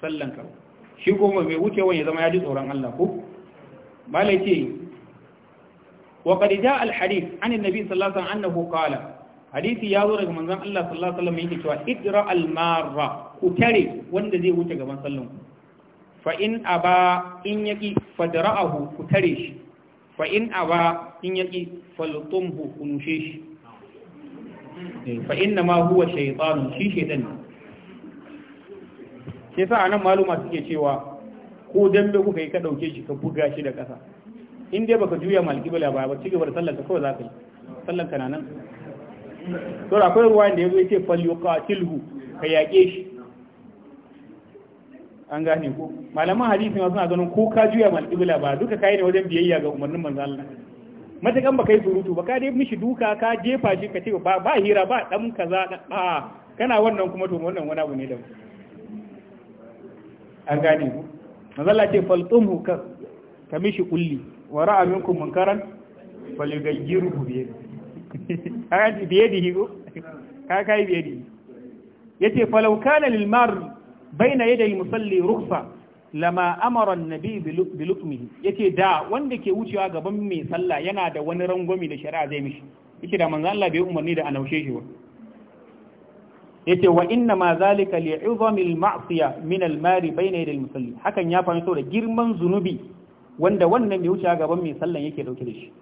sallan ka shi kuma mai wucewa ya zama ya ji tsoron Allah ko malai ce wa qad al hadith an annabi sallallahu alaihi wasallam annahu qala hadisi ya zo daga manzon Allah sallallahu alaihi wasallam yake cewa idra al marra ku tare wanda zai wuce gaban sallan ku fa in aba in yaki fadra'ahu ku tare shi fa in aba in yaki faltumhu ku nushe shi fa inna ma huwa shaytanun shi sai maluma suke cewa ko dambe kuka yi ka dauke shi ka buga shi da ƙasa in dai baka juya malkibla ba ba cigaba da sallar ka kawai zaka yi sallar ka nan to akwai ruwa da yazo yace fal yuqatilhu ka yaƙe shi an gane ko malaman hadisi ma suna ganin ko ka juya malkibla ba duka kai ne wajen biyayya ga umarnin manzo Allah matakan baka yi surutu ba ka dai mishi duka ka jefa shi ka ce ba ba hira ba dan kaza a kana wannan kuma to wannan wani abu ne da an gane ku manzo Allah ce faltumhu ka ka mishi kulli wa ra'a minkum munkaran falyughayyirhu bi yadihi kaga bi yadihi ko kaga kai biyadi. yadihi yace falau kana lil mar baina yaday musalli rukhsa lama amara annabi bi lutmihi yace da wanda ke wucewa gaban mai sallah yana da wani rangwami da shari'a zai mishi yace da manzo Allah bai umarni da anaushe shi ba yace wa inna ma zalika li'izami al-ma'siya min al-mari baina yaday musalli hakan ya faru da girman zunubi wanda wannan mai wuce gaban mai sallan yake dauke da shi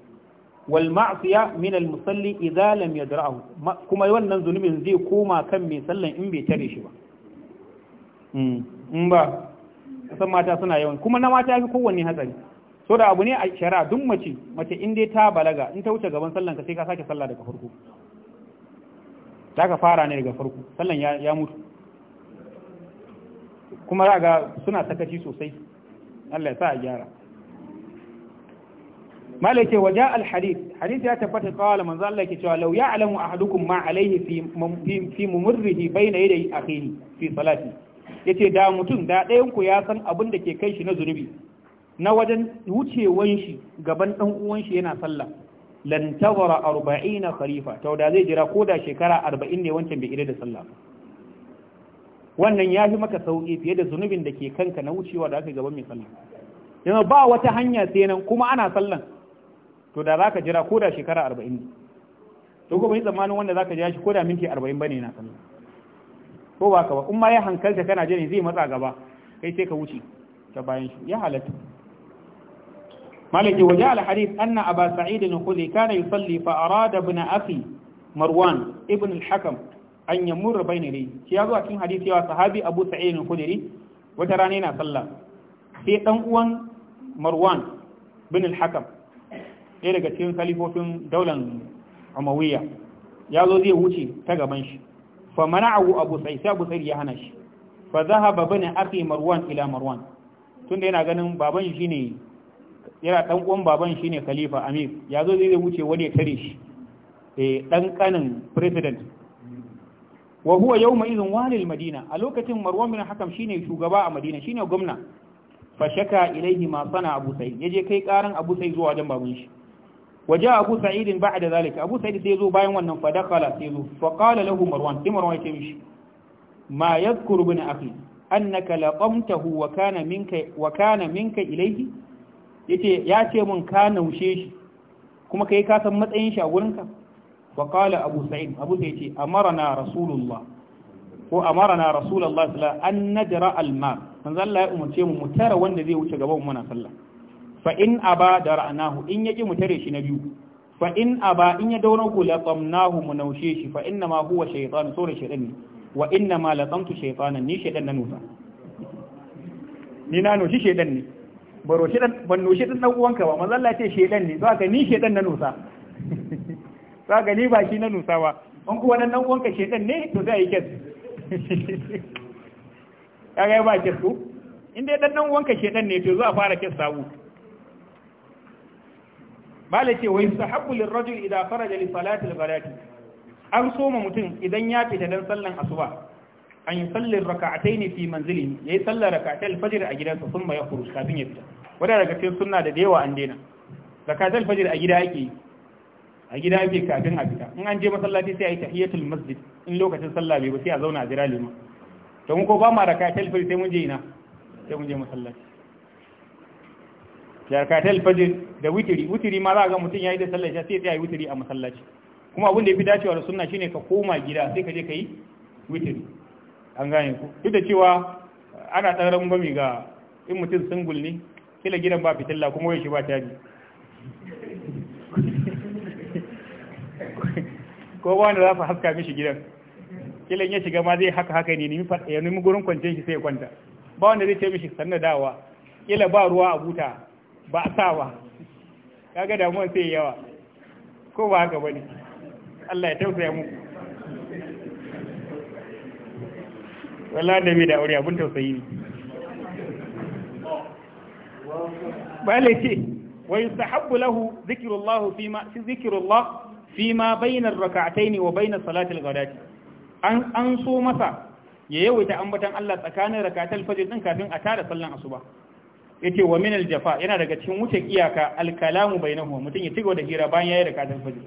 wal ma'siya min al musalli idza lam yadra'u kuma wannan zunubin zai koma kan mai sallan in bai tare shi ba hmm, in ba kasan mata suna yawan kuma na mata yafi kowanne hatsari so da abu ne a shari'a duk mace mace in dai ta balaga in ta wuce gaban sallan ka sai ka sake sallah daga farko za ka fara ne daga farko sallan ya mutu kuma za ga suna sakaci sosai Allah ya sa a gyara malai ce waje alhadis hadis ya tabbata kawai manzo Allah ke cewa law ya'lamu ahadukum ma alayhi fi fi mumrihi bayna yaday akhihi fi salati yace da mutum da ɗayan ku ya san abin da ke kai shi na zunubi na wajen wucewan shi gaban dan uwan shi yana sallah lan tawara 40 kharifa to da zai jira koda shekara 40 ne wancan bai da sallah wannan ya fi maka sauki fiye da zunubin da ke kanka na wucewa da aka gaban mai sallah yanzu ba wata hanya sai nan kuma ana sallan to da zaka jira ko da shekara arba'in ne to ko bai tsammanin wanda zaka jira shi ko da minti arba'in ne na kallo ko ba ka ba kuma ma ya hankalta kana jira zai matsa gaba kai sai ka wuce ta bayan shi ya halatta malaki waje al anna aba sa'id al-khudri kana yusalli fa arada ibn akhi marwan ibn al-hakam an yamurra bayna rai shi ya zo a cikin hadisi yawa sahabi abu sa'id al-khudri wata rana yana sallah sai dan uwan marwan bin al-hakam ɗaya daga cikin kalifofin daular umawiya ya zo zai wuce ta gaban shi fa mana abu sai sai abu sai ya hana shi fa zahaba bani afi marwan ila marwan tunda yana ganin baban shi ne yana dan uwan baban shi ne khalifa amir ya zo zai wuce wani ya tare shi eh dan kanin president wa huwa yawma idhin walil madina a lokacin marwan bin hakam shine shugaba a madina shine gwamna fa shaka ilaihi ma sana abu sai yaje kai karan abu sai zuwa wajen baban shi waje abu sa'idin ba da zalika abu sa'id sai zo bayan wannan fadakala sai zo fa qala lahu marwan sai marwan yake mishi ma yadhkuru bin akhi annaka laqamtahu wa kana minka wa kana minka ilayhi yace ya ce mun ka naushe shi kuma kai ka san matsayin shi a gurinka fa qala abu sa'id abu sa'id yace amarna rasulullah ko amarna rasulullah sallallahu alaihi wasallam an nadra al-ma ya umarce mu mu tara wanda zai wuce gaban mu sallah fa in aba da ra'anahu in yaki mu tare shi na biyu fa in aba in ya daura ku laqamnahu mu naushe shi fa na ma huwa shaytan sura ne, wa in na ma laqamtu shaytanan ni shaytan na nufa ni na nushi shaytan ne baro shi ban nushi dan dan uwanka ba manzo Allah ce shaytan ne zaka ni shaytan na nusa ka ni ba shi na nusa ba an kuwa nan dan uwanka shaytan ne to sai yi ga kaga ba kes ko in dai dan dan uwanka shaytan ne to zo a fara kyas sabu bala ce wa yusahabbu lirrajul idza faraja li salati al-ghadati an soma mutum idan ya fita dan sallan asuba an yi sallar raka'ataini fi manzili yayi sallar raka'atai al-fajr a gidansa sun ma kafin ya fita wanda daga cikin sunna da da yawa an daina raka'atai al-fajr a gida ake a gida ake kafin a fita in an je masallaci sai a yi tahiyatul masjid in lokacin sallah bai ba sai a zauna a jira liman to mun ko ba ma raka'atai al-fajr sai mun je ina sai mun je masallaci ya katal fajr da witiri witiri ma za ga mutum yayi da sallah sai sai ya yi witiri a masallaci kuma abin da yafi dacewa da sunna shine ka koma gida sai ka je ka yi witiri an gane ku duk da cewa ana dan rangwami ga in mutum sun ne kila gidan ba fitilla kuma wai shi ba tabi ko ba wanda za su haska mishi gidan kila ya shiga ma zai haka haka ne nemi ya nemi gurin kwance shi sai ya kwanta ba wanda zai ce mishi sanna dawa kila ba ruwa a buta ba a sa ba kaga damuwan sai yawa ko ba haka bane Allah ya tausaya muku wallahi da bai da aure abun tausayi ne bale ce wa yustahabbu lahu zikrullah fi ma zikrullah fi ma bayna ar-rak'atayn wa bayna salati al-ghadati an an so masa ya yawaita ambatan Allah tsakanin rakatul fajr din kafin a tara sallan asuba yace wa min al-jafa yana daga cikin wuce iyaka al-kalamu bainahum mutum ya tigo da hira bayan yayi da kadar fajr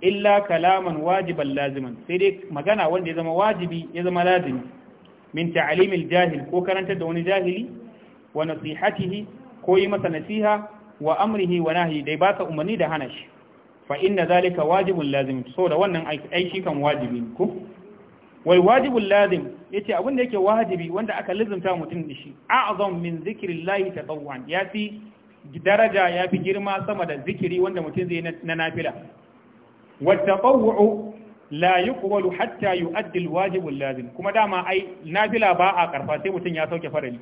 illa kalaman wajiban laziman sai dai magana wanda ya zama wajibi ya zama lazimi min ta'limil jahil ko karantar da wani jahili wa nasihatihi ko yi masa nasiha wa amrihi wa nahi dai ba umarni da hana shi fa inna zalika wajibun lazim saboda da wannan aiki kan wajibi ku wal wajibul lazim yace abin da yake wajibi wanda aka lizumta mutum da shi a'zam min zikrillahi ya yafi daraja yafi girma sama da zikiri wanda mutum zai na nafila wa tatawwu la yuqbalu hatta yu'addi al-wajib lazim kuma dama ai nafila ba a karfa sai mutum ya sauke farali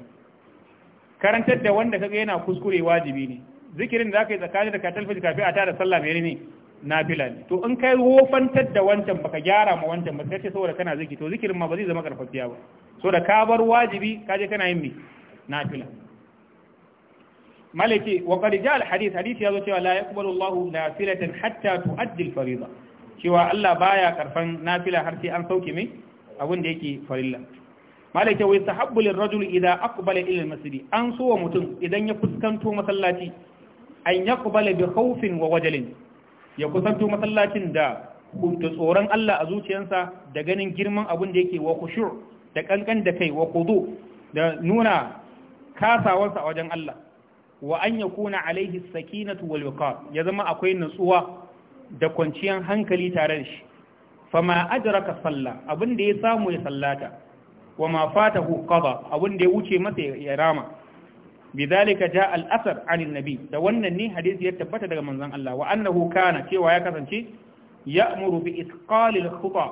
karantar da wanda kaga yana kuskure wajibi ne zikirin da aka yi tsakanin da ka talfaji kafi a tara sallah mai ne nafila ne to in kai wofantar da wancan baka gyara ma wancan ba sai saboda kana zikiri to zikirin ma ba zai zama karfafiya ba saboda ka bar wajibi ka je kana yin me nafila malaki wa qad ja al hadith hadith yazo cewa la yaqbalu Allah nafilatan hatta tuaddi al fariida cewa Allah baya karfan nafila har sai an sauke me abin da yake farilla malaki wa yastahabbu lir rajul idha aqbala ila al masjid an so wa mutum idan ya fuskanto masallaci an yaqbala bi khawfin wa wajalin ya kusanto masallacin da da tsoron Allah a zuciyarsa da ganin girman abin da yake wa kushur da kankan da kai wa kudu da nuna kasawarsa a wajen Allah wa an ya kuna alaihi sakinatu wal wiqar ya zama akwai nutsuwa da kwanciyar hankali tare da shi Fa fama ajraka salla abin da ya samu ya sallata wa ma fatahu qada abin da ya wuce masa ya rama bidhalika jaa al-asar anin nabi da wannan ne hadisi ya tabbata daga manzon Allah wa annahu kana cewa ya kasance ya'muru bi itqalil khuta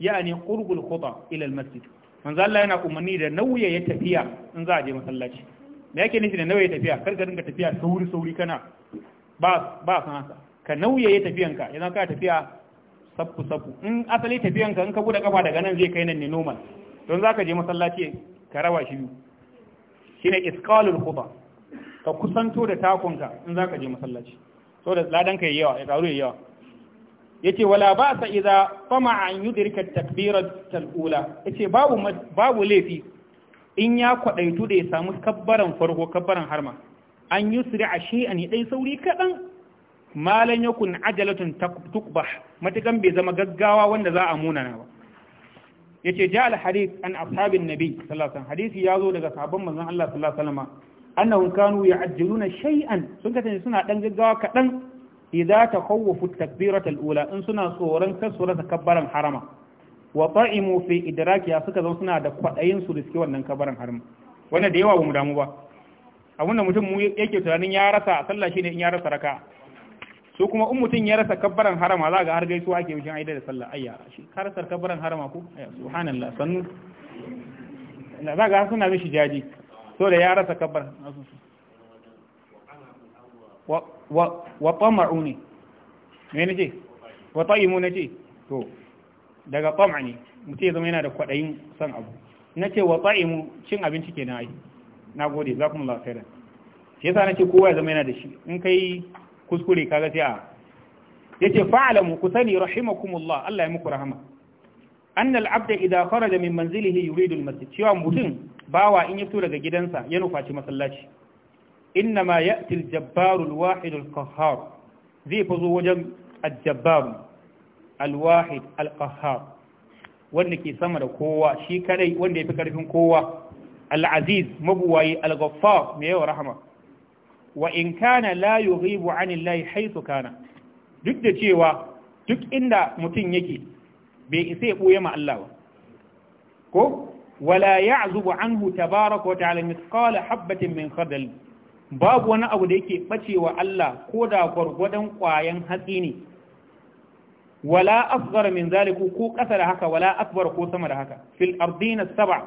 yani qurbul khuta ila al-masjid manzon yana umarni da nauye tafiya in za a je masallaci me yake nufi da nauye tafiya kar ka dinga tafiya sauri sauri kana ba ba san ka nauye tafiyanka tafiya in asali tafiyanka in ka bude kafa daga nan zai kai nan ne normal don zaka je masallaci ka rawa shi biyu shine iskalul khuba ka kusanto da takunka in zaka je masallaci so da ladan ka yawa ya karu yawa yace wala ba sa idza fama an yudrika at-takbirat yace babu babu laifi in ya kwadaitu da ya samu kabbaran farko kabbaran harma an yusri a shi'an yi dai sauri kadan malan yakun ajalatun takbah matakan bai zama gaggawa wanda za a munana ba yace ja al-hadith an ashabin nabi sallallahu alaihi hadisi zo daga sahabban manzon Allah sallallahu alaihi wasallam annahum kanu ya'ajjiluna shay'an sun kace suna dan gaggawa kadan idza takhawwafu at-takbirata al-ula in suna tsoron kasura takabbaran harama wa ta'imu fi suka zo suna da kwadayin su riske wannan kabaran harama wannan da yawa ba mu damu ba abinda mutum mu yake tunanin ya rasa sallah shine in ya rasa raka'a su kuma in mutum ya rasa kabbaran harama za ga har gaisu ake mishin aida da sallah ayya shi ka rasa kabbaran harama ko ayya subhanallah sannu za ga suna mishi jaji so da ya rasa kabbaran wa wa tama'u ne me nace wa ta'imu nace to daga tam'a ne mutum ya zama yana da kwadayin san abu nace wa ta'imu cin abinci kenan ai nagode zakumullahu khairan shi yasa nace kowa ya zama yana da shi in kai kuskure kaga sai a yace fa'alamu ku sani rahimakumullah Allah ya muku rahama annal abda idza kharaja min manzilihi yuridu almasjid cewa mutum bawa in ya fito daga gidansa ya nufaci masallaci innama ya'ti aljabbar al alqahhar zai fazo wajen aljabbar alwahid alqahhar wanda ke sama da kowa shi kadai wanda ya fi karfin kowa alaziz al alghaffar mai yawa rahama wa in kana ribu yughibu anillahi haythu kana duk da cewa duk inda mutum yake bai isa ya boye ma Allah ba ko wala ya'zubu anhu tabaaraka wa ta'ala mithqala habbatin min khardal babu wani abu da yake wa Allah ko da gwargwadon kwayan hatsi ne wala asghara min zaliku ko kasa da haka wala akbar ko sama da haka fil ardina sab'a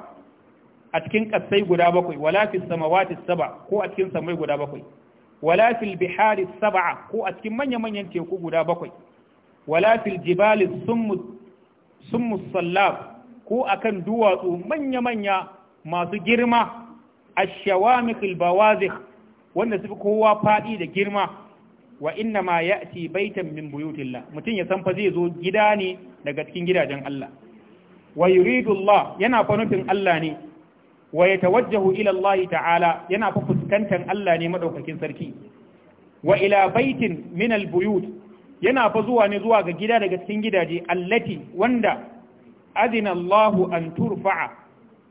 a cikin kasai guda bakwai wala fis samawati sab'a ko a cikin samai guda bakwai wala fil bihari sab'a ko a cikin manya-manyan teku guda bakwai wala fil jibali summu sallab ko akan duwatsu manya-manya masu girma ashawamikil bawazikh wanda su kowa fadi da girma wa inna ma ya'ti baitan min buyutillah mutum ya san fa zai zo gida ne daga cikin gidajen Allah wa yuridullah yana fa nufin Allah ne wa yatawajjahu ila Allah ta'ala yana fa fuskantar Allah ne madaukakin sarki wa ila baitin min al-buyut yana fa zuwa ne zuwa ga gida daga cikin gidaje allati wanda adina Allah an turfa'a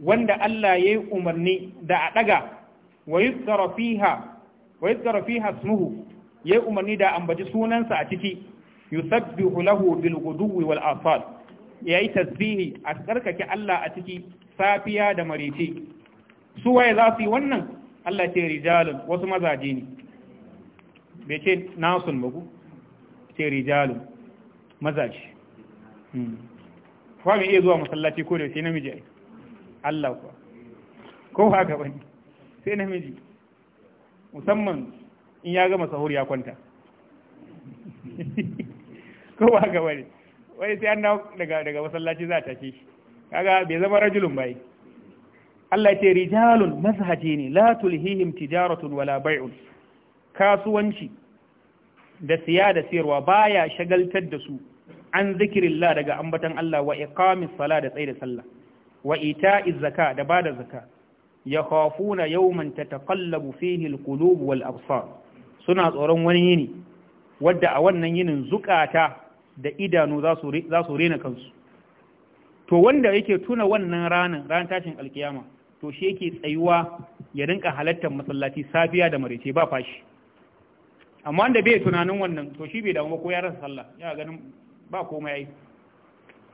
wanda Allah yi umarni da a daga wa yuzkara fiha wa yuzkara fiha ismuhu umarni da ambaci sunansa a ciki yusabbihu lahu bil ghuduwi wal asal yayi tasbihi a tsarkake Allah a ciki safiya da Marici. su waye za su yi wannan Allah ce rijalun wasu mazaje ne bai ce nasun magu ce rijalun mazaje kwami hmm. iya zuwa masallaci ko da sai namiji ai Allah kuwa ko haka wani sai namiji musamman in ya gama sahur ya kwanta ko haka wani wai sai an daga masallaci za ta ce shi kaga bai zama rajulun bai Allah ce rijalun mazhaje ne la tulhihim tijaratun wala bai'un kasuwanci da siya da siyarwa baya shagaltar da su an zikirillah daga ambatan Allah wa iqamis sala da tsaida sallah wa ita'iz zaka da bada zaka yakhafuna yawman tataqallabu fihi alqulub wal absar suna tsoron wani yini wadda a wannan yinin zukata da idanu za su rena kansu to wanda yake tuna wannan ranar ran tashin alkiyama to shi yake tsayuwa ya rinka halartar masallaci safiya da marece ba fashi amma wanda bai tunanin wannan to shi bai damu ko ya rasa sallah ya ganin ba komai ai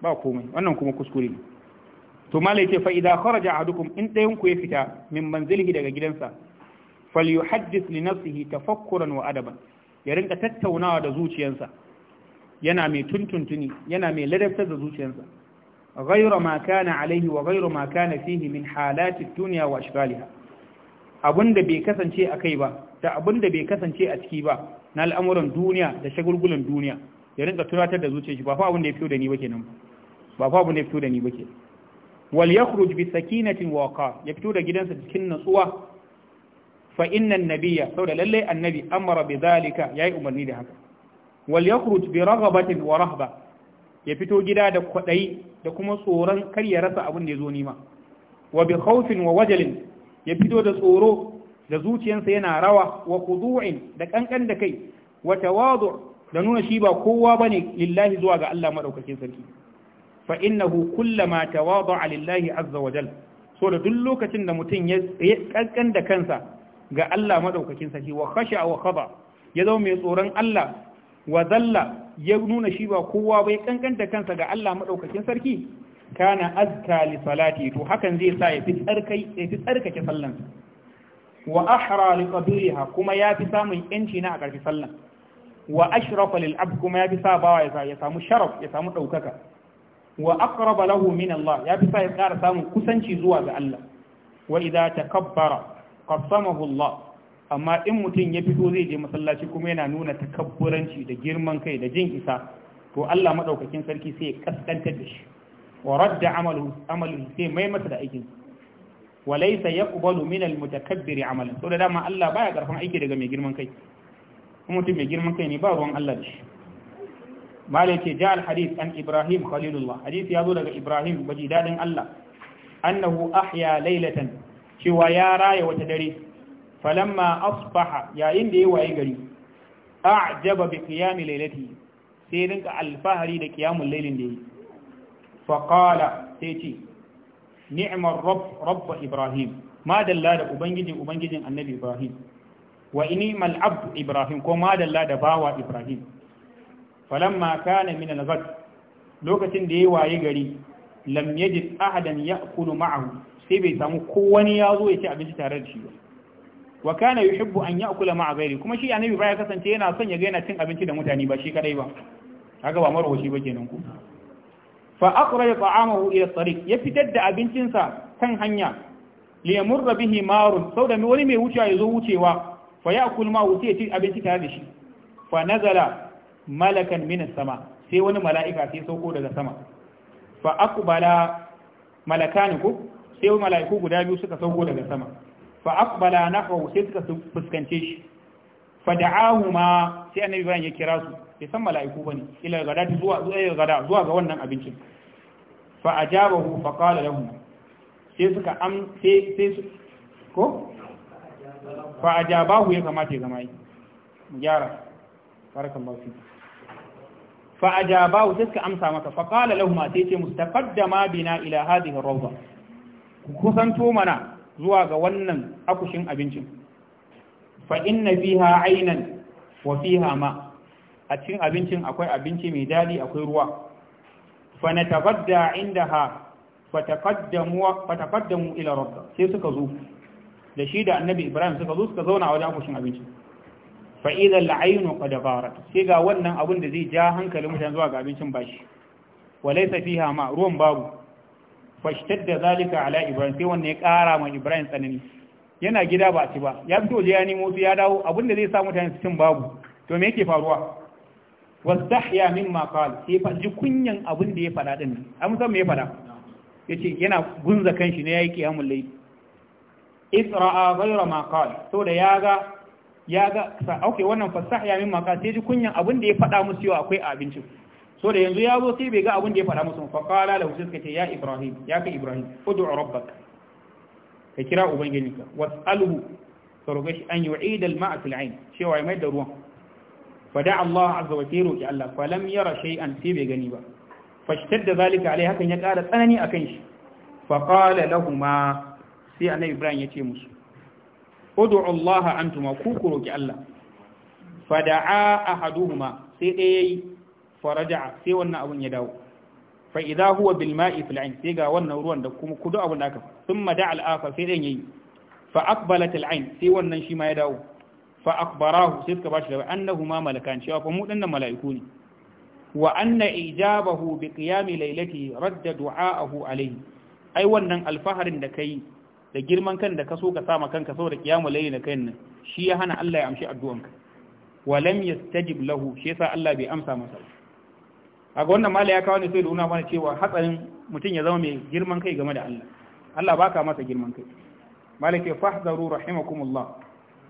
ba komai wannan kuma kuskure ne to malai ce fa idza kharaja ahadukum in dayan ku ya fita min manzilihi daga gidansa falyuhaddith li nafsihi tafakkuran wa adaban ya rinka tattaunawa da zuciyarsa yana mai tuntuntuni yana mai ladabtar da zuciyarsa غير ما كان عليه وغير ما كان فيه من حالات الدنيا واشغالها abinda bai kasance a kai ba da abinda bai kasance a ciki ba na al'amuran duniya da shagulgulan duniya ya rinka tunatar da zuciyar shi ba fa abin da ya fito da ni ba nan ba fa abin da ya fito da ni ba kenan wal yakhruj bi sakinatin wa waqar ya fito da gidansa cikin natsuwa fa inna an saboda lalle annabi amara bi dhalika yayi umarni da haka wal yakhruj bi raghabatin wa rahba ya fito gida da kwadayi da kuma tsoron kar ya rasa abin da ya zo nima wa bi khawfin wa wajalin ya fito da tsoro da zuciyarsa yana rawa wa khudu'in da kankan da kai wa tawadu da nuna shi ba kowa bane lillahi zuwa ga Allah madaukakin sarki fa innahu kullama tawada'a lillahi azza wa jalla so da duk lokacin da mutum ya kankan da kansa ga Allah madaukakin sarki wa khasha wa khada ya zama mai tsoron Allah wa zalla ya nuna shi ba kowa bai kankanta kansa ga Allah maɗaukakin sarki kana azka li salati to hakan zai sa ya fi tsarkai ya fi tsarkake sallan wa ahra li qabliha kuma ya fi samun yanci na a karfi sallan wa ashrafa lil abd kuma ya fi sa bawa ya samu sharaf ya samu daukaka wa aqraba lahu min Allah ya fi sa ya ƙara samun kusanci zuwa ga Allah wa idza takabbara qasamahu Allah amma in mutum ya fito zai je masallaci kuma yana nuna takabburanci da girman kai da jin isa to Allah madaukakin sarki sai ya kaskantar da shi wa radda amalu amalu sai mai masa da aikin wa laysa yaqbalu min al mutakabbir amalan to da dama Allah baya karfan aiki daga mai girman kai kuma mutum mai girman kai ne ba ruwan Allah da shi malai ce ja al hadith an ibrahim khalilullah hadith ya zo daga ibrahim baji dadin Allah annahu ahya laylatan cewa ya raya wata dare falamma asbaha yayin da ya waye gari a'jaba bi qiyami laylati sai rinka alfahari da qiyamul laylin da yi fa qala sai ce ni'mar rabb rabb ibrahim ma dalla da ubangiji ubangijin annabi ibrahim wa mal abd ibrahim ko ma dalla da bawa ibrahim falamma kana min al-ghad lokacin da ya waye gari lam yajid ahadan ya'kulu ma'ahu sai bai samu ko kowani yazo ya ci abinci tare da shi ba wa kana yuhibbu an ya'kula ma'a ghairi kuma shi annabi baya kasance yana son ya ga yana cin abinci da mutane ba shi kadai ba kaga ba marwashi ba kenan ku fa aqra ta'amahu ila tariq ya fitar da sa kan hanya li yamurra bihi marun sauda mai wani mai wucewa ya zo wucewa fa ya'kul ma wuce ya ci abinci tare da shi fa nazala malakan min sama sai wani mala'ika sai sauko daga sama fa aqbala malakani sai mala'iku guda biyu suka sauko daga sama fa aqbala nahwa sai suka fuskance shi fa ma sai annabi Ibrahim ya kira su Ya san mala'iku bane ila gada zuwa zuwa gada zuwa ga wannan abincin fa ajabahu fa qala sai suka am sai sai ko fa ya kamata ya zama yi gyara barakallahu fi fa sai suka amsa masa fa qala lahum sai ce mustaqaddama bina ila hadhihi rawda ku kusanto mana zuwa ga wannan akushin abincin fa inna fiha aynan wa fiha ma a cikin abincin akwai abinci mai dadi akwai ruwa fa natabadda indaha fa taqaddamu ila rabb sai suka zo da shi da annabi ibrahim suka zo suka zauna a wajen akushin abinci. fa idza al-aynu qad gharat sai ga wannan abin da zai ja hankalin mutane zuwa ga abincin bashi walaysa fiha ma ruwan babu da zalika ala ibrahim sai wannan ya kara ma ibrahim tsanani yana gida ba ci ba ya fito ya nemo su ya dawo abin da zai sa mutane su cin babu to me yake faruwa wastahya mimma qal sai fa ji kunyan abin da ya fada din an san me ya fada yace yana gunza kanshi ne yayi kiyamul layl isra'a ghayra ma qal to da ga yaga okay wannan fastahya mimma qal sai ji kunyan abin da ya fada musu yau akwai abinci so da yanzu ya zo sai bai ga abin da ya faɗa musu fa da lahu sai ce ya ibrahim ya kai ibrahim a rabbak ka kira ubangijinka was'alhu ka roƙe shi an yu'ida al-ma'a fil ayn cewa mai da ruwan fa Allah azza wa jalla ya Allah fa lam yara shay'an sai bai gani ba fashtar da zalika alai hakan ya ƙara tsanani a kan shi fa qala lahumu sai annabi ibrahim ya ce musu ud'u Allah antuma ku ku roƙi Allah fa a ahaduhuma sai ɗaya yayi faraja sai wannan abun ya dawo fa idza huwa bil ma'i fil ayn sai ga wannan ruwan da kuma kudu abun da aka thumma da al afa sai dan yayi fa aqbalat al ayn sai wannan shi ma ya dawo fa akhbarahu sai suka bashi da annahuma malakan cewa fa mu dinnan mala'iku ne wa anna ijabahu bi qiyami lailati radda du'aahu alayhi ai wannan alfaharin da kai da girman kan da ka so ka sama kanka saboda qiyamul layli da kai nan shi ya hana Allah ya amshi addu'anka wa lam yastajib lahu shi yasa Allah bai amsa masa a ga wannan mala ya kawo ne sai da nuna mana cewa hatsarin mutum ya zama mai girman kai game da Allah Allah baka masa girman kai ke fahzaru rahimakumullah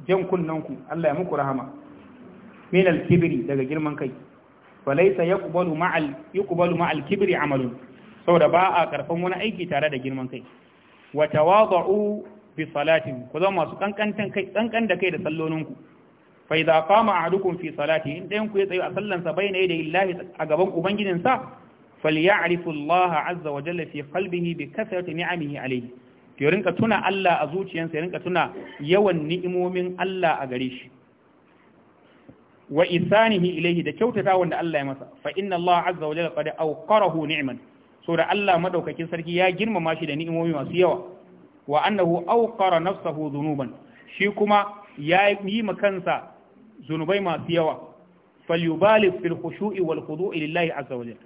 jan kunnanku Allah ya muku rahama min al-kibri daga girman kai falaysa yaqbalu ma'al ma al kibri amalun saboda ba a karfan wani aiki tare da girman kai wa tawada'u bi salatin ku zama masu kankan kai kankan da kai da sallolinku fa idza qama ahadukum fi salati in dayan ku tsayo a sallansa bayna da illahi a gaban ubangijinsa falyarifu Allah azza wa jalla fi qalbihi bi kasrati ni'amihi alayhi to rinka tuna Allah a zuciyarsa rinka tuna yawan ni'imomin Allah a gare shi wa isanihi ilayhi da kyautata wanda Allah ya masa fa inna Allah azza wa jalla qad awqarahu ni'man so da Allah madaukakin sarki ya girmama shi da ni'imomi masu yawa wa annahu awqara nafsahu dhunuban shi kuma ya yi makansa zunubai masu yawa falyubali fil khushu'i wal khudu'i lillahi azza wajal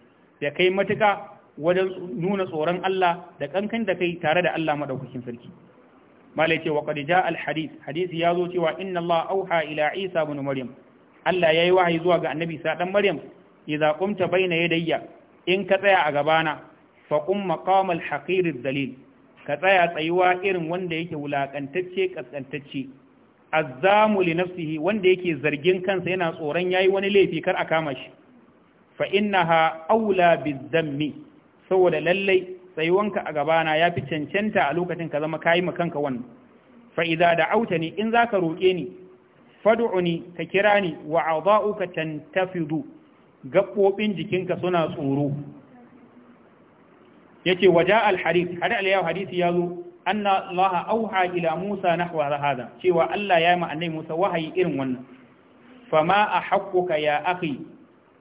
ya kai matuka wajen nuna tsoron Allah da kankan da kai tare da Allah madaukakin sarki malai ce wa qad al hadith hadisi ya zo cewa inna Allah auha ila Isa ibn Maryam Allah yayi wahayi zuwa ga Annabi Isa dan Maryam idza qumta bayna yadayya in ka tsaya a gabana fa qum maqam al haqir dalil ka tsaya tsayuwa irin wanda yake wulakantacce kaskantacce azzamu li nafsihi wanda yake zargin kansa yana tsoron yayi wani laifi kar a kama shi fa innaha aula bizammi saboda lallai tsayuwanka a gabana ya fi cancanta a lokacin ka zama kayi ma kanka wannan fa idza da'awtani in zaka roke ni fad'uni ka kira ni wa a'dha'uka tantafidu gabobin jikinka suna tsoro yace waja al hadith hada al yau hadisi yazo anna Allah auha ila Musa na hada cewa Allah ya yi annabi Musa wahayi irin wannan fama a haƙƙuka ya akhi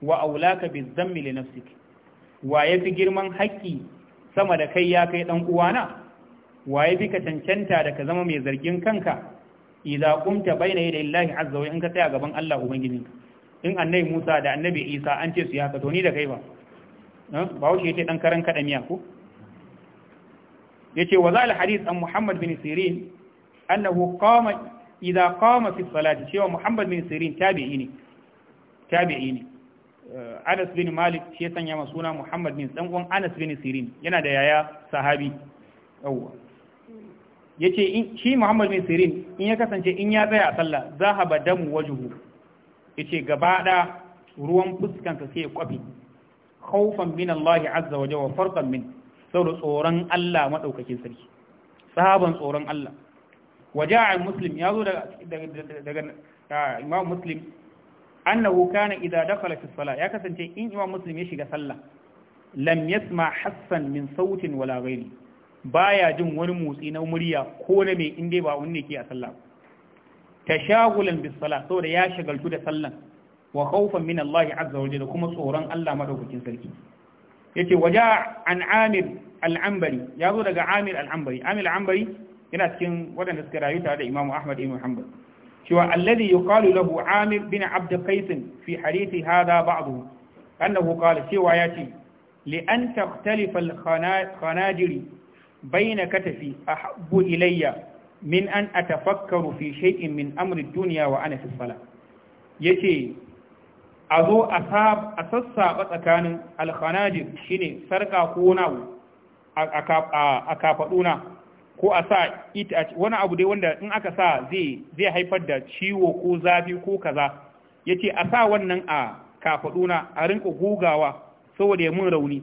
wa aulaka ka li nafsik wa yafi girman haƙƙi sama da kai ya kai dan uwana wa yafi ka cancanta da ka zama mai zargin kanka idza qumta bayna yaday Allah azza wa in ka tsaya gaban Allah ubangijinka in annabi Musa da annabi Isa an ce su to ni da kai ba miya ko yace wa zal hadis an Muhammad bin Sirin annahu qama idza qama fi salati cewa Muhammad bin Sirin tabi'i ne tabi'i ne eh, Anas bin Malik shi ya sanya masa suna Muhammad bin dan uwan Anas bin Sirin yana da yaya sahabi yawwa yace in shi Muhammad bin Sirin in ya kasance in ya tsaya a sallah zahaba damu wajhu yace gaba da ruwan fuskansa sai ya kwafi khawfan min Allah azza wa jalla farqan min saboda tsoron Allah maɗaukakin sarki sahaban tsoron Allah waja'a muslim ya zo daga imam muslim annahu kana idza dakhala fi ya kasance in imam muslim ya shiga sallah lam yasma hassan min sautin wala ghairi baya jin wani motsi na murya ko na me in dai ba ne ke a sallah tashagulan bis salat saboda ya shagaltu da sallan wa khawfan min Allah azza wa jalla kuma tsoron Allah madaukakin sarki yace waja an amir al-ambari ya zo daga amir al-ambari amir al-ambari yana cikin waɗanda suka rayu tare da imamu ahmad ibn hanbal cewa alladhi yuqalu lahu amir bin abd qais fi hadithi hadha ba'dhu annahu qala cewa yace li an takhtalifa al-khanajiri bayna katafi ahabbu ilayya min an atafakkaru fi shay'in min amri duniya dunya wa ana fi salah yace a zo a sassaɓa tsakanin alkhanajir shine sarka ko wani abu a na ko a sa wani abu dai wanda in aka sa zai haifar da ciwo ko zafi ko kaza ya ce a sa wannan a na a rinka gugawa saboda ya mun rauni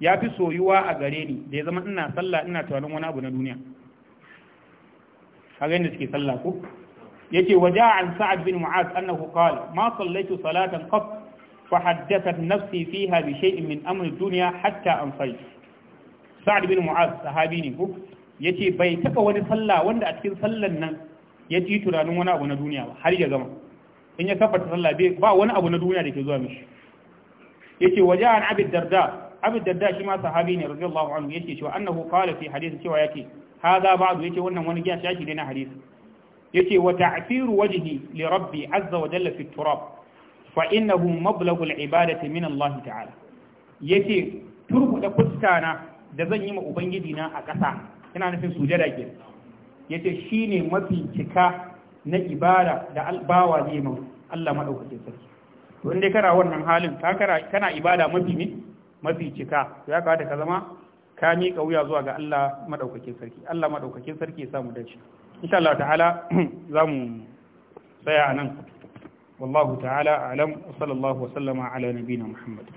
ya fi soyuwa a gare ni da ya zama ina sallah ina tunanin wani abu na duniya a da suke sallah ko yace waja an sa'ad bin mu'az annahu qala ma sallaitu salatan qat fa haddathat nafsi fiha bi shay'in min amri duniya hatta an anfaytu sa'ad bin mu'az sahabi ne ko yace bai taba wani sallah wanda a cikin sallan nan ya ji tunanin wani abu na duniya ba har ya gama in ya kafarta sallah bai ba wani abu na duniya da ke zuwa mishi yace waja an abi darda abi darda shi ma sahabi ne radiyallahu anhu yace cewa annahu qala fi hadisi cewa yake hadha ba'du yace wannan wani giya shi ne na hadisi yace wa ta'firu wajhi li rabbi azza wa jalla fi turab fa innahu mablaghu al-ibadati min Allah ta'ala yace da kuskana da zan yi ma ubangiji na a kasa ina nufin sujada ke yace shine mafi cika na ibada da albawa ne mu Allah madaukakin sarki to inde kana wannan halin ka kana ibada mafi ne mafi cika ya kawata ka zama ka miƙa wuya zuwa ga Allah madaukakin sarki Allah madaukakin sarki ya samu dace insha Allah ta'ala za mu tsaya a nan wallahu ta'ala a'lam wa sallallahu wa sallama ala nabiyina muhammad